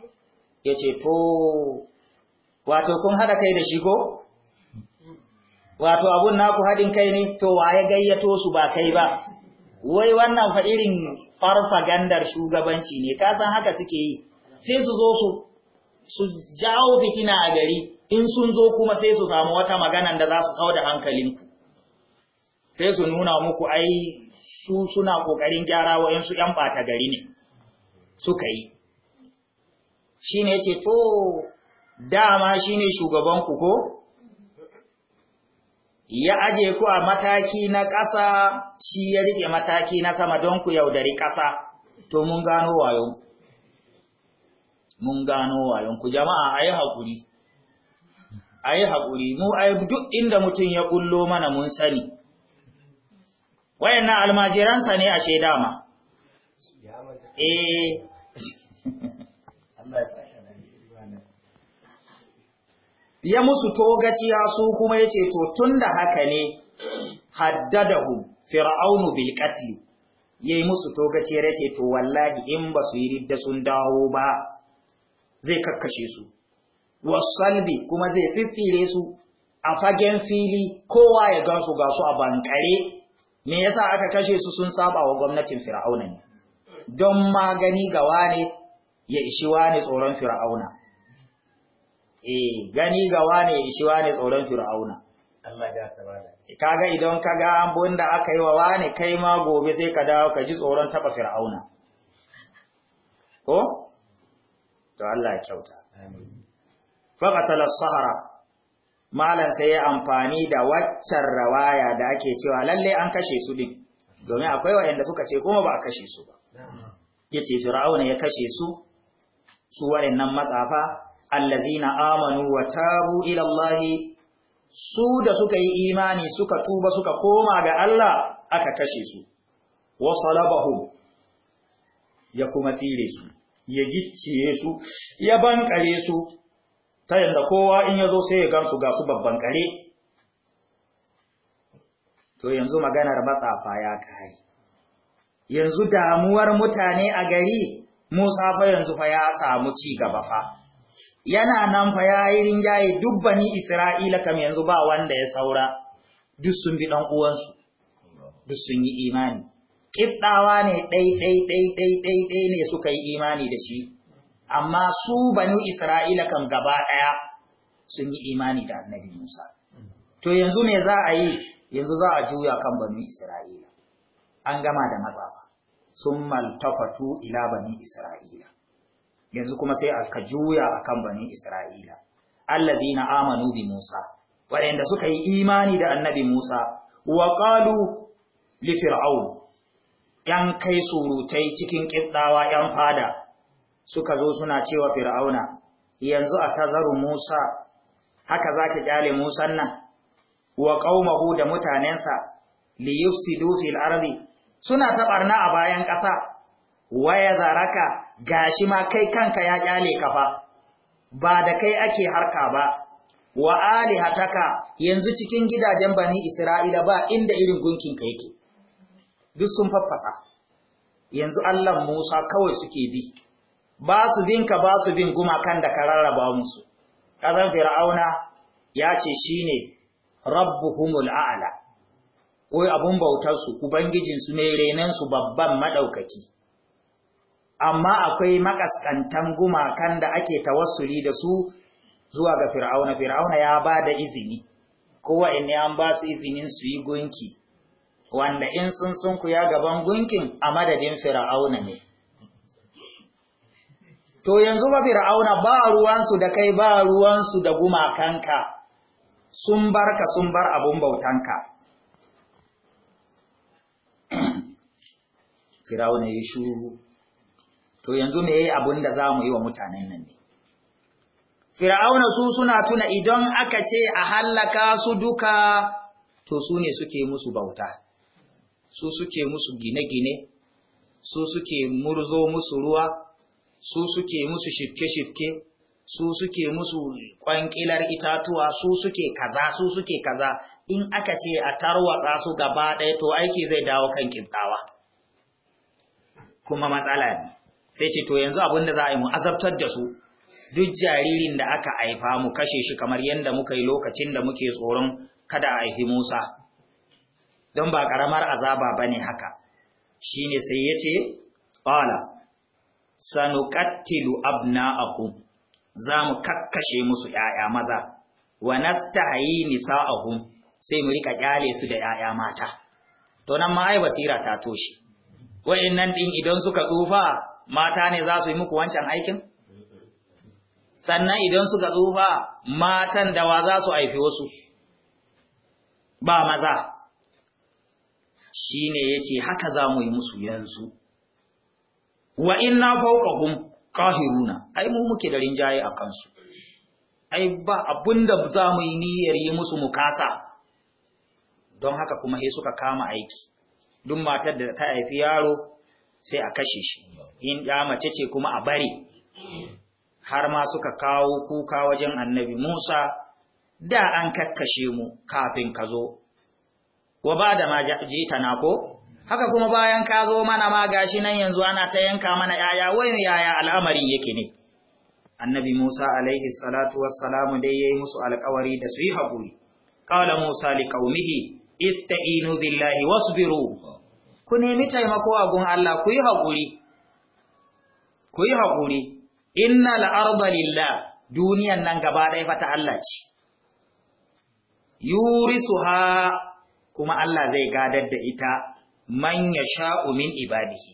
yace to wato kun hada kai da shi ko wato abun naku haɗin kai ne to waye gayyato su ba kai ba wai wannan fa irin farfagandar shugabanci ne ka san haka suke yi sai su zo su su jawo fitina a gari in sun zo kuma sai su samu wata magana da za su kawo da hankalinku sai su nuna muku ai su suna ƙoƙarin gyara wa'insu ‘yan ɓata gari ne suka yi shi ne ce to dama shi ne shugabanku ko ya aje ku a mataki na ƙasa shi ya riƙe mataki na sama don ku yaudari ƙasa to mun gano wayon mun gano wayon jama'a a yi haƙuri Ayi yi haƙuri mu ai duk inda mutum ya bullo mana mun sani wayannan almajiransa ne a shaidama eh ya musu ya su kuma yace to tun da haka ne haddadahu fir'aunu bil qatl yayi musu togaci ya ce to wallahi in ba su yi ridda sun dawo ba zai kakkashe su wasalbi kuma zai fiffire su a fagen fili kowa ya gansu su a bankare me yasa aka kashe su sun saba wa gwamnatin fir'auna ne don magani ga wane ya ishi wane tsoron fir'auna eh gani ga wane ya ishi wane tsoron fir'auna Allah ya tabbata kaga idan kaga abun da aka yi wa wane kai ma gobe sai ka dawo ka ji tsoron taba fir'auna ko to Allah ya kyauta amin faƙatala sahara malam sai ya amfani da waccan rawaya da ake cewa lalle an kashe su din domin akwai waɗanda suka ce kuma ba a kashe su ba ya ce fir'auna ya kashe su su wayannan matsafa allazina amanu wa tabu ila Allah su da suka yi imani suka tuba suka koma ga Allah aka kashe su wa salabahu ya kuma tsire su ya gicciye su ya bankare su ta yadda kowa in ya zo sai ya gansu ga su babban kare to yanzu maganar matsafa ya kare yanzu damuwar mutane a gari musa fa yanzu fa ya samu ci gaba fa yana nan fa ya yi rinjaye dubbani isra'ila kam yanzu ba wanda ya saura duk sun bi ɗan uwansu duk sun yi imani ƙiɗawa ne ɗai ɗai ɗai ɗai ɗai ne suka yi imani da shi amma su banu Isra'ila kan gaba ɗaya sun yi imani da annabi Musa. To yanzu me za a yi, yanzu za a juya kan banu Isra'ila, an gama da mababa, sun maltafatu ila banu Isra'ila, yanzu kuma sai aka juya a kan banu Isra'ila, allazi na amanu bi Musa, waɗanda suka yi imani da annabi Musa, wa ƙalu li Fir'aun, ‘yan kai surutai cikin ƙirɗawa ‘yan fada’. suka zo suna cewa fir'auna yanzu a tazaru musa haka za ki kyale musan nan wa ƙaumahu da mutanensa li yufsidu fil ardi suna ta a bayan ƙasa waya zaraka gashi ma kai kanka ya kyale kafa. ba da kai ake harka ba wa alihataka yanzu cikin gidajen bani isra'ila ba inda irin gunkin ka yake duk sun faffasa yanzu Allah Musa kawai suke bi ba su bin ka ba su bin gumakan da ka rarraba musu kazan fir'auna ya ce shine rabbuhumul a'la wai abun bautarsu ubangijinsu ne renensu babban maɗaukaki? amma akwai makaskantan gumakan da ake tawassuli da su zuwa ga fir'auna fir'auna ya ba da izini kowa ne an ba su izinin su yi gunki wanda in sun sunkuya gaban gunkin a madadin fir'auna ne to yanzu ba fir'auna ba ruwansu da kai ba ruwansu da gumakanka sun barka sun bar abun bautanka Firauna ya shuru, to yanzu me yi abin da za mu yi wa mutanen nan ne. Firauna su suna tuna idan aka ce a hallaka su duka, to su ne suke musu bauta, su suke musu gine-gine, su suke murzo musu ruwa, su suke musu shifke-shifke su suke musu kwankilar itatuwa su suke kaza su suke kaza in aka ce a tarwatsa su gaba ɗaya to aiki zai dawo kan kibtawa kuma matsala ne sai ce to yanzu abin da za a yi mu azabtar da su duk jaririn da aka haifa mu kashe shi kamar yadda muka yi lokacin da muke tsoron kada a haifi Musa don ba ƙaramar azaba bane haka shine sai yace qala sanuqattilu abna'ahum za mu kakkashe musu ‘ya'ya maza, wa nisa nisa'ahum sai mu rika kyale su da ‘ya'ya mata, to nan ma ai basira ta toshe, wa'in nan ɗin idan suka tsufa mata ne za su yi muku wancan aikin? Sannan idan suka tsufa matan dawa za su haifi wasu, ba maza, shi ne yace haka za mu yi musu yanzu. wa inna fawqahum qahiruna ai mu muke da rinjaye a kansu ai ba abinda za mu yi niyyar yi musu mukasa don haka kuma sai suka kama aiki duk matar da ta haifi yaro sai a kashe shi in ya mace ce kuma a bari har ma suka kawo kuka wajen annabi Musa da an kakkashe mu kafin ka zo wa ba da ma jita na ko haka kuma bayan ka zo mana ma gashi nan yanzu ana ta yanka mana yaya wai yaya al'amari yake ne annabi Musa alaihi salatu wassalamu dai yayi musu alƙawari da su yi haƙuri qala Musa liqaumihi ista'inu billahi wasbiru ku nemi taimako a gun Allah ku yi haƙuri ku yi haƙuri innal arda lillah duniyan nan gaba ɗaya fa ta Allah ce yurisuha kuma Allah zai gadar da ita man yasha'u min ibadihi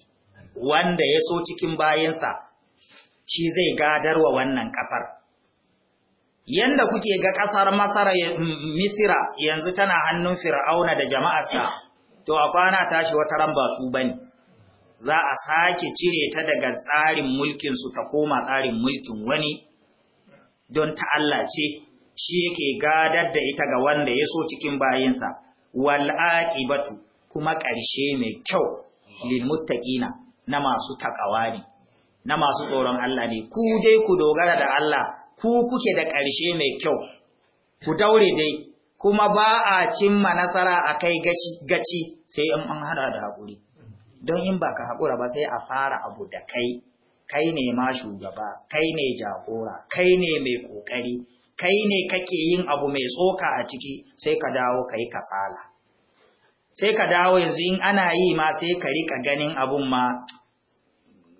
wanda ya so cikin bayansa shi zai gadar wa wannan ƙasar yanda kuke ga ƙasar masara Misira yanzu tana hannun Fir'auna da jama'arsa to a kwana tashi wata ran ba su bane za a sake cire ta daga tsarin mulkin su ta koma tsarin mulkin wani don ta Allah ce shi yake gadar da ita ga wanda ya so cikin bayinsa wal aqibatu kuma ƙarshe mai kyau lilmuttaqina na masu takawa ne na masu tsoron Allah ne ku dai ku dogara da Allah ku kuke da ƙarshe mai kyau ku daure dai kuma ba a cimma nasara a kai gaci sai in an hada da haƙuri don in ba ka haƙura ba sai a fara abu da kai kai ne ma shugaba kai ne jagora kai ne mai ƙoƙari kai ne kake yin abu mai tsoka a ciki sai ka dawo ka yi kasala sai ka dawo yanzu in ana yi ma sai ka rika ganin abun ma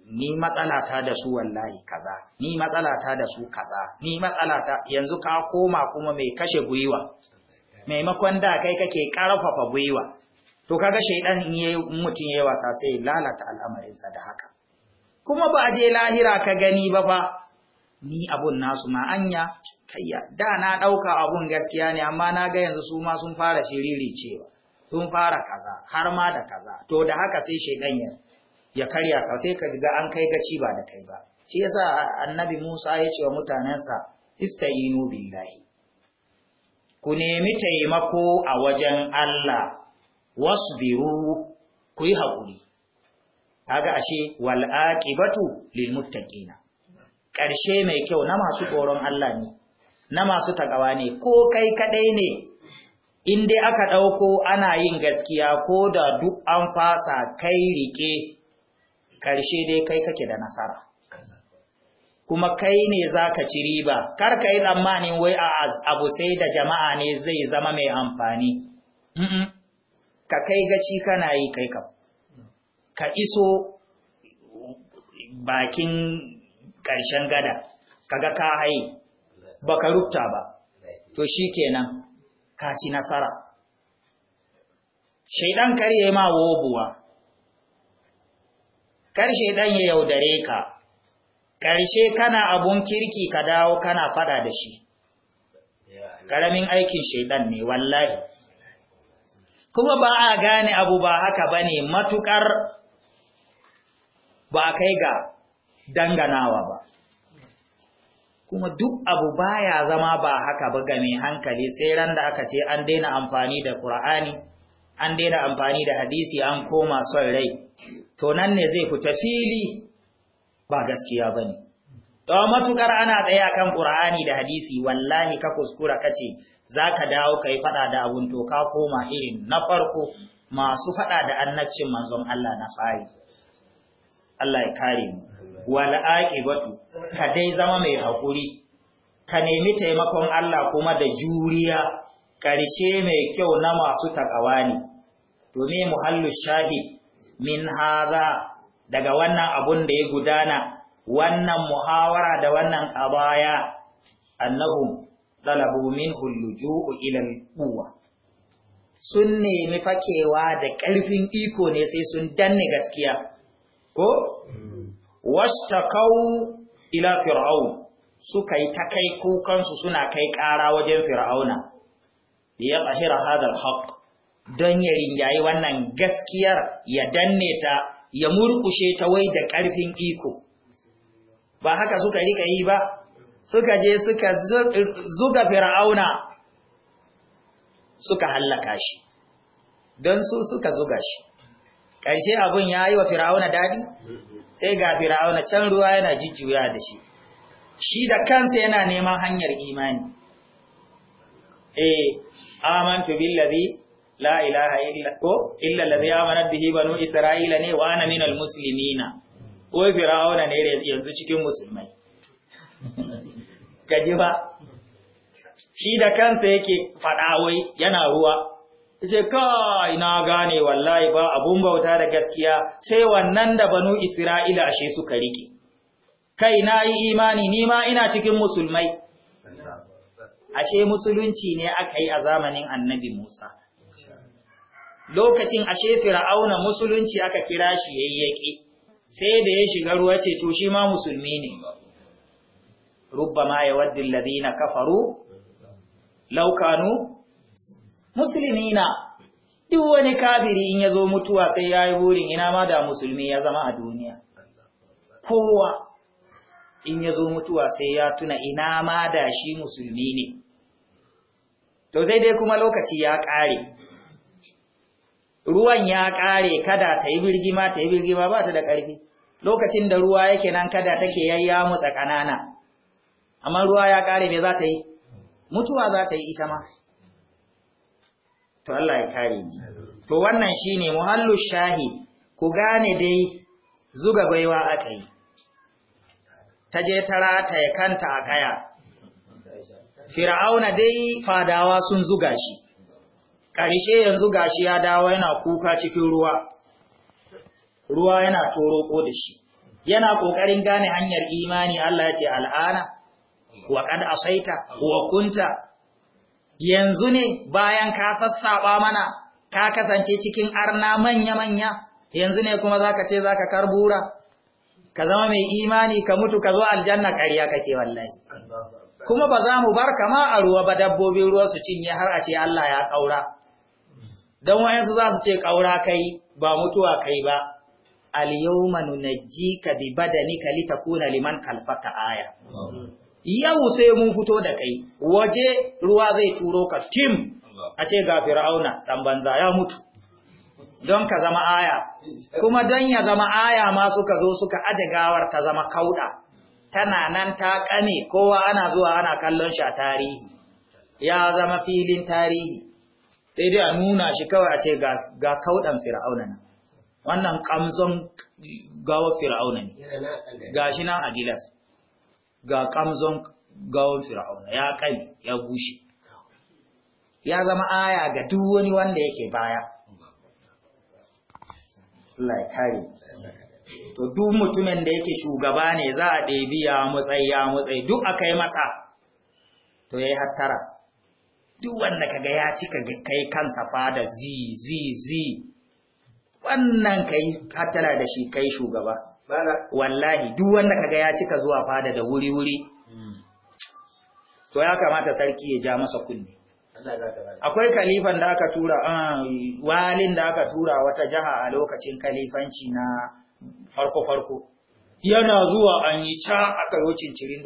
ni matsalata da su wallahi kaza ni matsalata da su kaza ni matsalata yanzu ka koma kuma mai kashe gwiwa maimakon da kai kake karfafa gwiwa to kaga shaidan in yayi mutun yayi wasa sai lalata sa da haka kuma ba je lahira ka gani ba fa ni abun nasu ma anya kayya da na dauka abun gaskiya ne amma na ga yanzu su ma sun fara shiriri cewa sun fara kaza har ma da kaza to da haka sai shedan ya ya karya ka sai ka ga an kai gaci ba da kai ba shi yasa annabi Musa ya ce wa mutanansa istainu billahi ku nemi taimako a wajen Allah wasbiru ku yi haƙuri kaga ashe wal aqibatu lil muttaqina ƙarshe mai kyau na masu tsoron Allah ne na masu takawa ne ko kai kadai ne in dai aka ɗauko ana yin gaskiya ko da duk an fasa kai rike ƙarshe dai kai kake da nasara kuma kai ne za ka ci riba kar ka yi tsammanin wai a abu sai da jama'a ne zai zama mai amfani ka kai gaci kana yi kai ka ka iso bakin ƙarshen gada kaga ka haye ka rubuta ba to shi kenan ka ci nasara Shaiɗan kar ya ma wobuwa kar ɗan ya yaudare ka ƙarshe kana abun kirki ka dawo kana faɗa da shi ƙaramin aikin shaiɗan ne wallahi kuma ba a gane abu ba haka bane matukar matuƙar ba kai ga danganawa ba kuma duk abu baya zama ba haka ba ga mai hankali sai ran da aka ce an daina amfani da Qur'ani an daina amfani da hadisi an koma son rai to nan ne zai fita fili ba gaskiya ba bane don matukar ana tsaye kan ƙur'ani da hadisi wallahi ka kuskura kace zaka dawo kai faɗa da abun to ka koma irin na farko masu faɗa da annabcin manzon Allah na fari Allah ya kare mu wal batu ka dai zama mai haƙuri, ka nemi taimakon Allah kuma da juriya ƙarshe mai kyau na masu taƙawani, ne to me muhallu min haza daga wannan abun da ya gudana wannan muhawara da wannan ƙabaya? annahum talabu min al ila al sun nemi fakewa da ƙarfin iko ne sai sun danne gaskiya ko washtaqau ila fir'aun suka yi ta kai kukansu suna kai ƙara wajen fir'auna ya tsahira hadal haq don ya rinjayi wannan gaskiyar ya danne ta ya murkushe ta wai da ƙarfin iko ba haka suka rika yi ba suka je suka zuga fir'auna suka hallaka shi don su suka zuga shi ƙarshe abun ya yi wa fir'auna daɗi sai ga fir'auna can ruwa yana jijjuya da shi shi da kansa yana neman hanyar imani eh amantu billazi la ilaha illa ko illa allazi amanat bihi banu isra'ila ne wa ana minal muslimina wai fir'auna ne yanzu cikin musulmai gaji ba shi da kansa yake fada wai yana ruwa yace kai na gane wallahi ba abun bauta da gaskiya sai wannan da banu Isra'ila ashe suka rike kai na yi imani ni ma ina cikin musulmai ashe musulunci ne aka yi a zamanin annabi Musa lokacin ashe fir'auna musulunci aka kira shi yayyake sai da ya shiga ruwa ce to shi ma musulmi ne rubbama yawaddu alladhina kafaru law kanu muslimina duk wani kafiri in yazo zo mutuwa sai ya yi burin ina ma da musulmi ya zama a duniya kowa in ya mutuwa sai ya tuna ina ma da shi musulmi ne to sai dai kuma lokaci ya ƙare ruwan ya ƙare kada ta yi birgima ta yi birgima ba ta da ƙarfi lokacin da ruwa yake nan kada take yayya mutsa ƙanana amma ruwa ya ƙare me za ta yi mutuwa za ta yi ita ma to Allah ya kare ni to wannan shine muhallu Shahi. ku gane dai zuga baiwa akai ta je ta rataye kanta a kaya fir'auna dai fadawa sun zuga shi ƙarshe yanzu gashi ya dawo yana kuka cikin ruwa ruwa yana toro ko da shi yana kokarin gane hanyar imani Allah ya ce al'ana wa kad asaita wa kunta yanzu ne bayan ka sassaɓa mana ka kasance cikin arna manya-manya yanzu ne kuma za ka ce za ka karbura ka zama mai imani ka mutu ka zo aljanna ƙariya kake wallahi kuma ba za mu bar kama a ruwa ba dabbobin ruwa su cinye har a ce Allah ya ƙaura don wayansu za su ce ƙaura kai ba mutuwa kai ba al yawma nunajjika bi badanika litakuna liman khalfaka aya yau sai mun fito da kai waje ruwa zai turo ka tim a ce ga fir'auna dan banza ya mutu don ka zama aya kuma don ya zama aya ma suka zo suka aje gawar ta zama kauda tana nan ta kame kowa ana zuwa ana kallon shi a tarihi ya zama filin tarihi sai dai a nuna shi kawai a ce ga ga kaudan fir'auna wannan kamzon gawar fir'auna ne gashi nan a gilas ga kamzon gawon fir'auna ya kai ya bushe ya zama aya ga duk wani wanda yake baya laikari to duk mutumin da yake shugaba ne za a ɗebi ya matsayi ya matsayi duk akai masa to ya yi hattara duk wanda kaga ya cika kai kansa fada zi zi zi wannan kai hattara da shi kai shugaba wallahi duk wanda kaga ya cika zuwa fada da wuri-wuri hmm. to ya kamata sarki ya ja masa kunne akwai kalifan da aka tura ah, walin da aka tura wata jaha a lokacin kalifanci na farko-farko yana zuwa an yi ca aka yi cincirin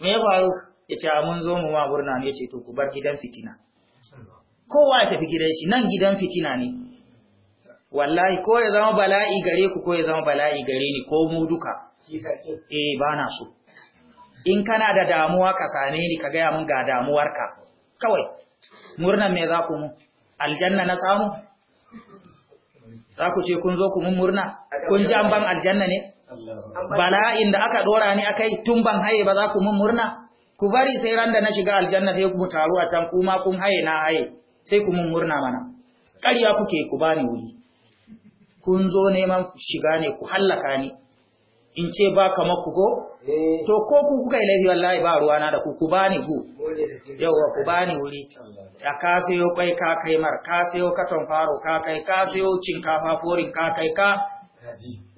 me ya faru ya ce ah, mun zo mu ma murna ne ce to ku bar gidan fitina kowa ya tafi gidan shi nan gidan fitina ne wallahi ko ya zama bala'i gare ku ko ya zama bala'i gare ni ko mu duka eh bana so in kana da damuwa ka same ni ka gaya mun ga damuwarka kawai murnan me za ku mu aljanna na samu za ku ce kun zo ku mun murna kun ji an ban aljanna ne bala'in da aka dora ni akai tun ban haye ba za ku mun murna ku bari sai ran da na shiga aljanna sai ku taru a can kuma kun haye na haye sai ku mun murna mana ƙarya kuke ku bani wuri kun zo neman shiga ne ku hallaka ni in ce ba kamar ku ko eh. to ko ku kuka yi laifi wallahi ba ruwana da ku ku ni gu yauwa ku ni wuri a ka sayo kwai ka kai mar ka sayo katon faro ka kai ka sayo cinkafa forin ka kai ka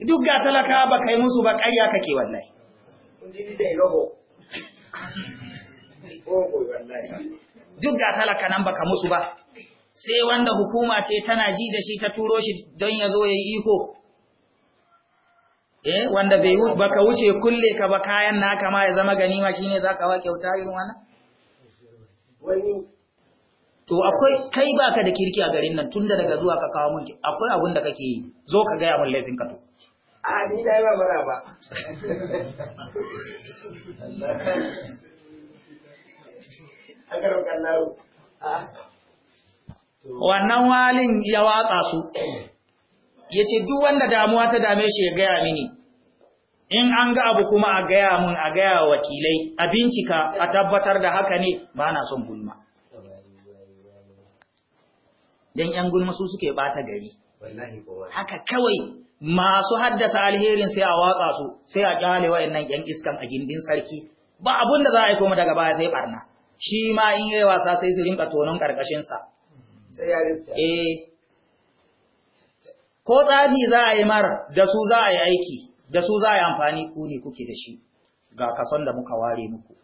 duk ga talaka ba kai musu ba ƙarya kake wallahi duk ga talaka nan ka musu ba sai wanda hukuma ce tana ji da shi ta turo shi don ya zo ya yi iko eh wanda bai ka wuce kulle ka ba kayan naka ma ya zama ganima shine ka wa kyauta irin wannan to akwai kai baka da kirki a garin nan tunda daga zuwa ka kawo mun akwai abun da kake yi zo ka ga mun laifin ka to a ni dai ba bara ba Allah Allah wannan walin ya watsa su ya ce duk wanda damuwa ta dame shi ya gaya mini in an ga abu kuma a gaya mun a gaya wa wakilai a bincika a tabbatar da haka ne ba na son gulma don ‘yan gulma su suke bata gari haka kawai masu haddasa alherin sai a watsa su sai a kyale wayannan ‘yan iskan a gindin sarki ba abun da za a yi kuma daga baya sai barna shi ma in yi wasa sai su rinka tonon ƙarƙashinsa Eh. Ko tsafi za a yi mara da su za a yi aiki, da su za a yi amfani ku ne kuke da shi ga kason da muka ware muku.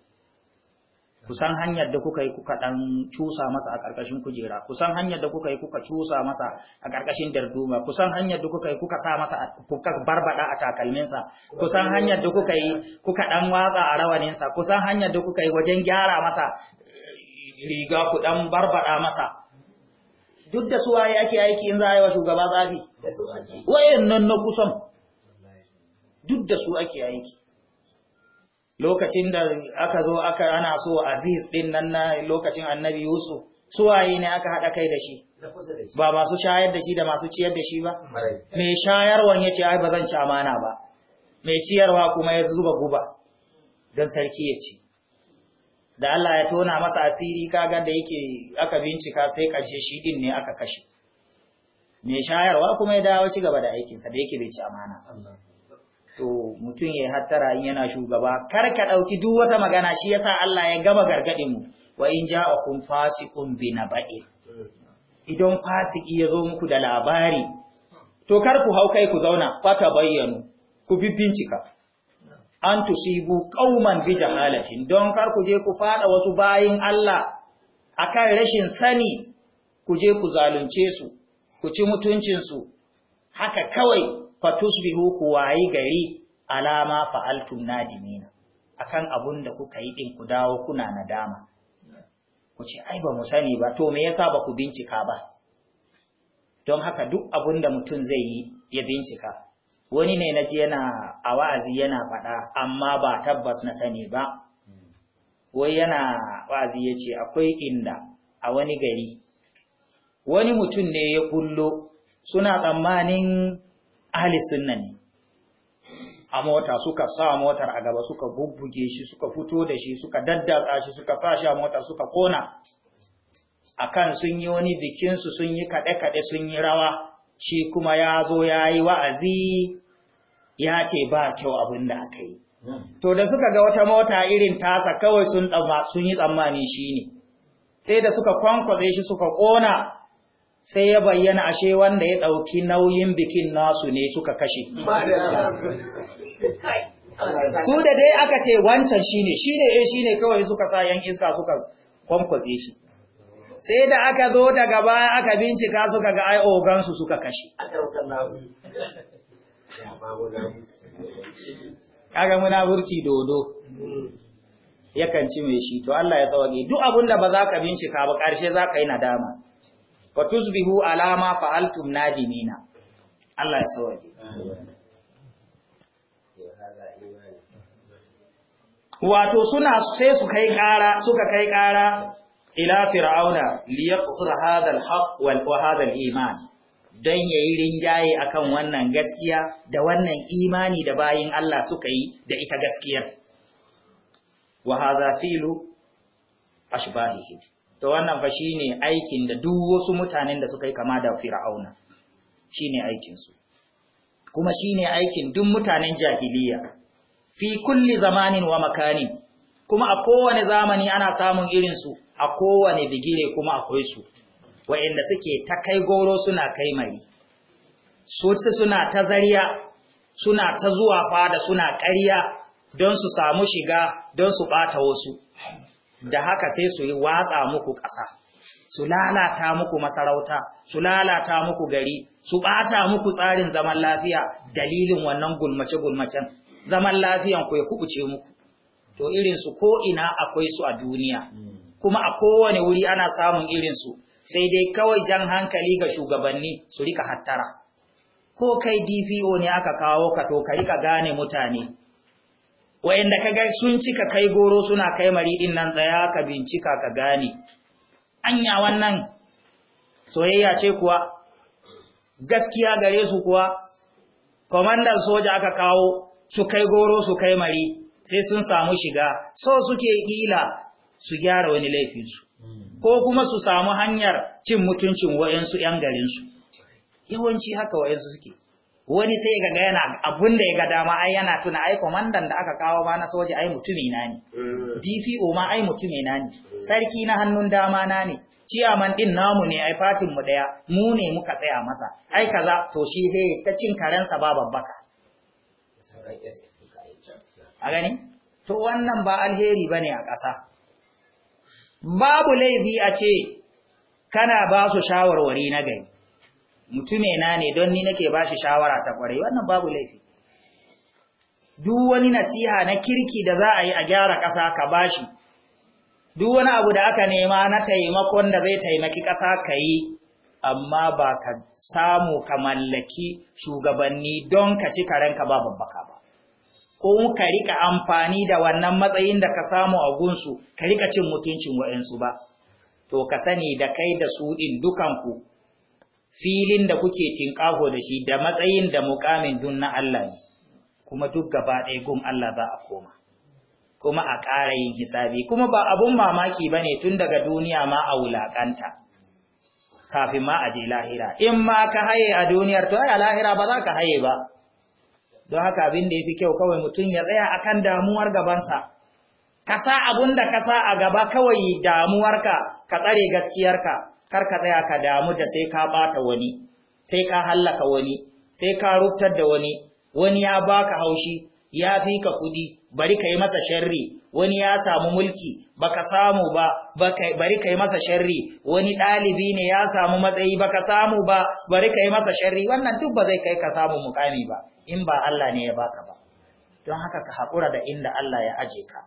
Kusan hanyar da kuka yi kuka ɗan cusa masa a ƙarƙashin kujera, kusan hanyar da kuka yi kuka cusa masa a ƙarƙashin darduma, kusan hanyar da kuka yi kuka sa masa kuka barbaɗa a takalminsa, kusan hanyar da kuka yi kuka ɗan watsa a rawaninsa, kusan hanyar da kuka yi wajen gyara masa eh, riga ku ɗan barbaɗa masa duk da suwaye ake aiki in za a yi wa shugaba tsafi wayannan na kusan duk da su ake aiki lokacin da aka zo aka ana so aziz din nan na lokacin annabi yusuf suwaye ne aka haɗa kai da shi ba masu shayar da shi da masu ciyar da shi ba mai shayarwan ya ce ai ba zan ci amana ba mai ciyarwa kuma ya zuba guba don sarki ya ce. da Allah ya tona masa asiri kaga da yake aka bincika sai karshe shi din ne aka kashe mai shayarwa kuma ya dawo ci gaba da aikinsa da yake bai ci amana to mutum ya hattara in yana shugaba kar ka dauki duk wata magana shi yasa Allah ya gama gargadin mu wa in ja'akum fasiqun binaba'in idan fasiki ya zo muku da labari to kar ku hau kai ku zauna fata bayyano ku bincika. an tusibu kauman bi jahalatin don kar ku je ku fada wasu bayin Allah akan rashin sani ku je ku zalunce su ku ci mutuncin su haka kawai fatusbihu ku wayi gari alama fa'altum nadimina akan abun da kuka yi din ku dawo kuna nadama ku ce ai ba mu sani ba to me yasa ba ku bincika ba don haka duk abun da mutum zai yi ya bincika wani ne na ji yana a wa'azi yana faɗa amma ba tabbas na sani ba wai yana wa'azi ya ce akwai inda a wani gari wani mutum ne ya kullo suna tsammanin sunna ne a mota suka sa motar a gaba suka bubbuge shi suka fito da shi suka daddatsa shi suka sa shi a motar suka kona akan sun yi wani bikinsu sun yi kaɗe-kaɗe sun yi rawa shi kuma ya zo ya yi wa'azi ya ce ba kyau abin da aka yi. To da suka ga wata mota irin tasa kawai sun yi tsammani shi ne, sai da suka kwankwaze shi suka ƙona sai ya bayyana ashe wanda ya ɗauki nauyin bikin nasu ne suka kashe. Su da dai aka ce wancan shi ne, shi ne eh, kawai suka sa yan iska suka kwankwaze shi. sai da aka zo daga baya aka bincika suka ga ai ogansu suka kashe kaga burci dodo yakan ci mai shi to Allah ya tsawage, duk abinda ba za ka bincika ba karshe za ka yi nadama wa tuzbihu alama fa'altum nadimina Allah ya tsawage. wato suna sai su kai kara suka kai kara ila fir'auna liyaqfur hadha al wa hadha al-iman dan yayi rinjaye akan wannan gaskiya da wannan imani da bayin Allah suka yi da ita gaskiyar wa hadha filu ashbahihi to wannan fa shine aikin da duk wasu mutanen da suka yi kama da fir'auna shine aikin su kuma shine aikin duk mutanen jahiliya fi kulli zamanin wa makani. kuma a kowane zamani ana samun irin su a kowane bigire kuma akwai su wa'inda suke ta kai goro suna kai mari su suna ta zariya suna ta zuwa fada suna ƙarya don su samu shiga don su bata wasu da haka sai su yi watsa muku ƙasa su lalata muku masarauta su lalata muku gari su ɓata muku tsarin zaman lafiya dalilin wannan gulmace-gulmacen zaman lafiyan ku ya kubuce muku to irin su ko ina akwai su a duniya kuma a kowane wuri ana samun irinsu sai dai kawai jan hankali ga shugabanni su rika hattara ko kai dpo ne aka kawo ka to ka rika gane mutane wayanda ka ga sun cika kai goro suna kai mari din nan tsaya ka bincika ka gane anya wannan soyayya ce kuwa gaskiya gare su kuwa Kwamandan soja aka kawo su kai goro su kai mari sai sun samu shiga so suke kila su gyara wani laifinsu hmm. ko kuma su samu hanyar cin mutuncin wayansu ‘yan garinsu yawanci haka wayansu suke wani sai ga yana abunda ya ga dama ai yana tuna ai komandan da aka kawo ma na soja ai mutumi na ne hmm. DPO ma ai mutumi na ne sarki na hannun dama na ne ciyaman ɗin namu ne ai fatin mu ɗaya mu ne muka tsaya masa ai kaza to shi sai ta cin karensa ba babbaka a gani to wannan ba alheri bane a ƙasa babu laifi a ce kana ba su shawarwari na gari mutume na ne don ni nake ba shi shawara ta kwarai wannan babu laifi duk wani nasiha na kirki da za a yi a gyara ƙasa ka ba shi duk wani abu da aka nema na taimakon da zai taimaki ƙasa ka yi amma ba ka samu ka mallaki shugabanni don ka ci karenka ba babbaka ba ko ka rika amfani da wannan matsayin da ka samu a gunsu ka rika cin mutuncin wa’yansu ba to ka sani da kai da su din dukanku filin da kuke tinƙaho da shi da matsayin da mukamin dun na Allah ne kuma duk gaba ɗaya gun Allah ba a koma kuma a ƙara yin hisabi kuma ba abun mamaki ba ne tun daga duniya ma a wulaƙanta kafin ma a je lahira in ma ka haye a duniyar to ai a lahira ba za ka haye ba don haka abin da ya fi kyau kawai mutum ya tsaya a kan damuwar gabansa ka sa abun da ka sa a gaba kawai damuwarka ka tsare gaskiyarka kar ka tsaya ka damu da sai ka bata wani sai ka hallaka wani sai ka rubtar da wani wani ya baka haushi ya fi ka kudi bari ka yi masa sharri wani ya samu mulki baka samu ba bari ka yi masa sharri wani ɗalibi ne ya samu matsayi baka samu ba bari ka yi masa sharri wannan duk ba zai kai ka samu mukami ba in ba Allah ne ya baka ba don haka ka haƙura da inda Allah ya aje ka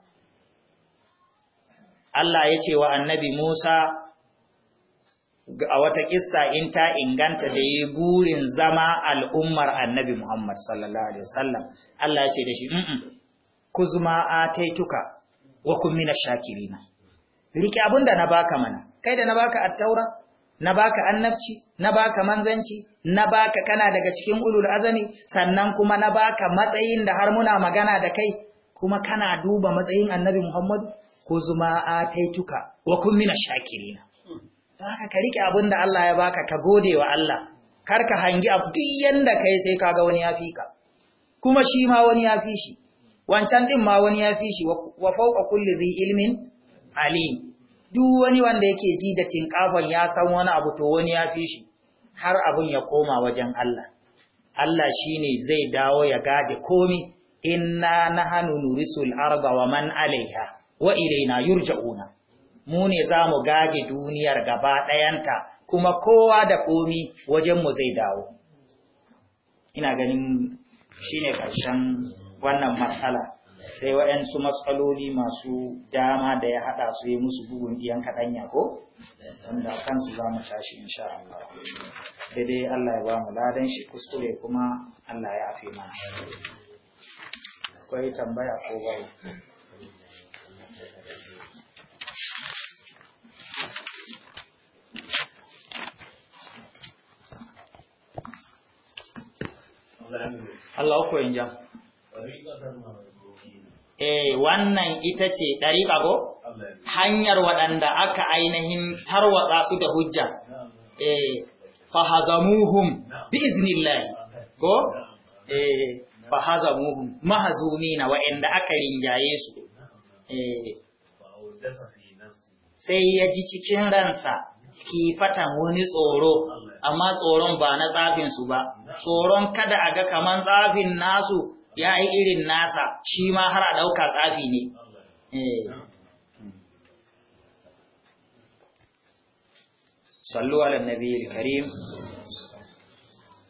Allah ya ce wa annabi Musa a wata kissa in ta inganta da yi burin zama al'ummar annabi Muhammad sallallahu Alaihi wasallam Allah ya ce da shi ku zuma a taituka wa kun mina shakirina rike abunda na baka mana kai da na baka attaura na baka annabci na baka manzanci na baka kana daga cikin ulul azami sannan kuma na baka matsayin da har muna magana da kai kuma kana duba matsayin annabi Muhammad ko zuma a taituka wa kun mina shakirina baka ka rike abin da Allah ya baka ka gode wa Allah kar ka hangi abu duk yanda kai sai kaga wani ya fi ka kuma shi ma wani ya fi shi wancan din ma wani ya fi shi wa fawqa kulli dhi ilmin alim duk wani wanda yake ji da tinkafon ya san wani abu to wani ya fi shi har abun ya koma wajen Allah Allah shine zai dawo ya gaje komi inna hannu nurisul arda wa man alaiha wa yurja'una mu ne za mu gaje duniyar gaba ɗayanta kuma kowa da komi wajenmu zai dawo ina ganin shine karshen wannan matsala sai waɗansu matsaloli masu dama da ya haɗa su yi musu bugun iyan kaɗanya ko? wanda kansu za mu tashi insha Allah daidai Allah ya ba mu ladan shi kuskure kuma Allah ya fi mana akwai tambaya ko bai Allah yin eh wannan ita ce ɗari ko? Hanyar waɗanda aka ainihin tarwatsa su da hujja, eh fahazamuhum bi ko? Eh fahazamuhum mahazumina waɗanda aka rinjaye su. Eh sai ya ji cikin ransa kifatan wani tsoro, amma tsoron ba na tsafinsu ba, tsoron kada a ga kaman tsafin nasu ya yi irin nasa shi ma har a ɗauka tsafi ne sallu ala nabi karim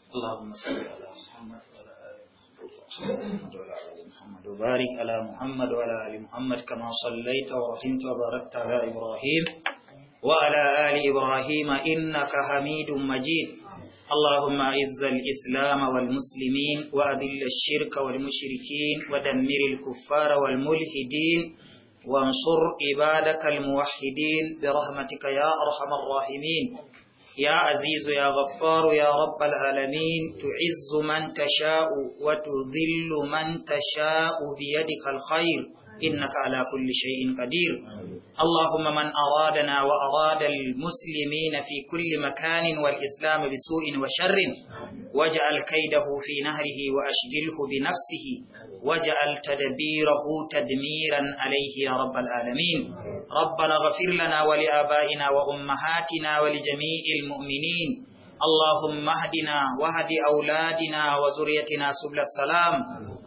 Allahumma salli ala Muhammad wa ala ali Muhammad wa ala محمد وبارك على محمد وعلى آل محمد كما صليت ورحمت وباركت على إبراهيم وعلى آل إبراهيم إنك حميد مجيد اللهم أعز الإسلام والمسلمين وأذل الشرك والمشركين ودمر الكفار والملحدين وانصر عبادك الموحدين برحمتك يا أرحم الراحمين يا عزيز يا غفار يا رب العالمين تعز من تشاء وتذل من تشاء بيدك الخير إنك على كل شيء قدير اللهم من أرادنا وأراد المسلمين في كل مكان والإسلام بسوء وشر واجعل كيده في نهره وأشغله بنفسه واجعل تدبيره تدميرا عليه يا رب العالمين ربنا غفر لنا ولآبائنا وأمهاتنا ولجميع المؤمنين اللهم اهدنا واهد أولادنا وزريتنا سبل السلام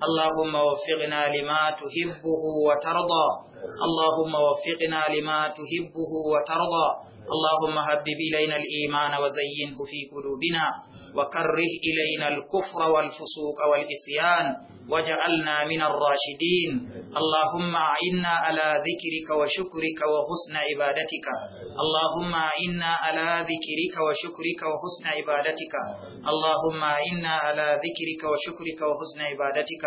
اللهم وفقنا لما تحبه وترضى اللهم وفقنا لما تحبه وترضى اللهم هبب إلينا الإيمان وزينه في قلوبنا وكره إلينا الكفر والفسوق والإسيان وجعلنا من الراشدين اللهم إنا على ذكرك وشكرك وحسن عبادتك اللهم إنا على ذكرك وشكرك وحسن عبادتك اللهم إنا على ذكرك وشكرك وحسن عبادتك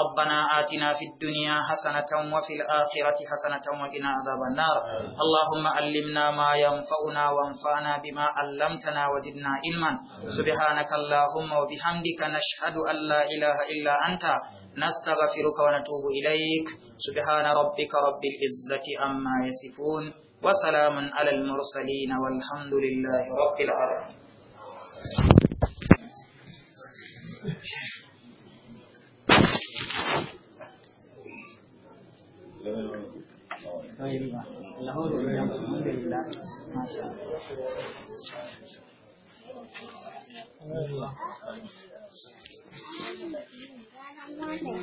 ربنا آتنا في الدنيا حسنة وفي الآخرة حسنة وقنا عذاب النار اللهم علمنا ما ينفعنا وانفعنا بما علمتنا وزدنا علما سبحانك اللهم وبحمدك نشهد أن لا إله إلا أنت نستغفرك ونتوب إليك سبحان ربك رب العزة أما يصفون وسلام على المرسلين والحمد لله رب العالمين طيب لاهور الحمد لله ما شاء الله 拉美。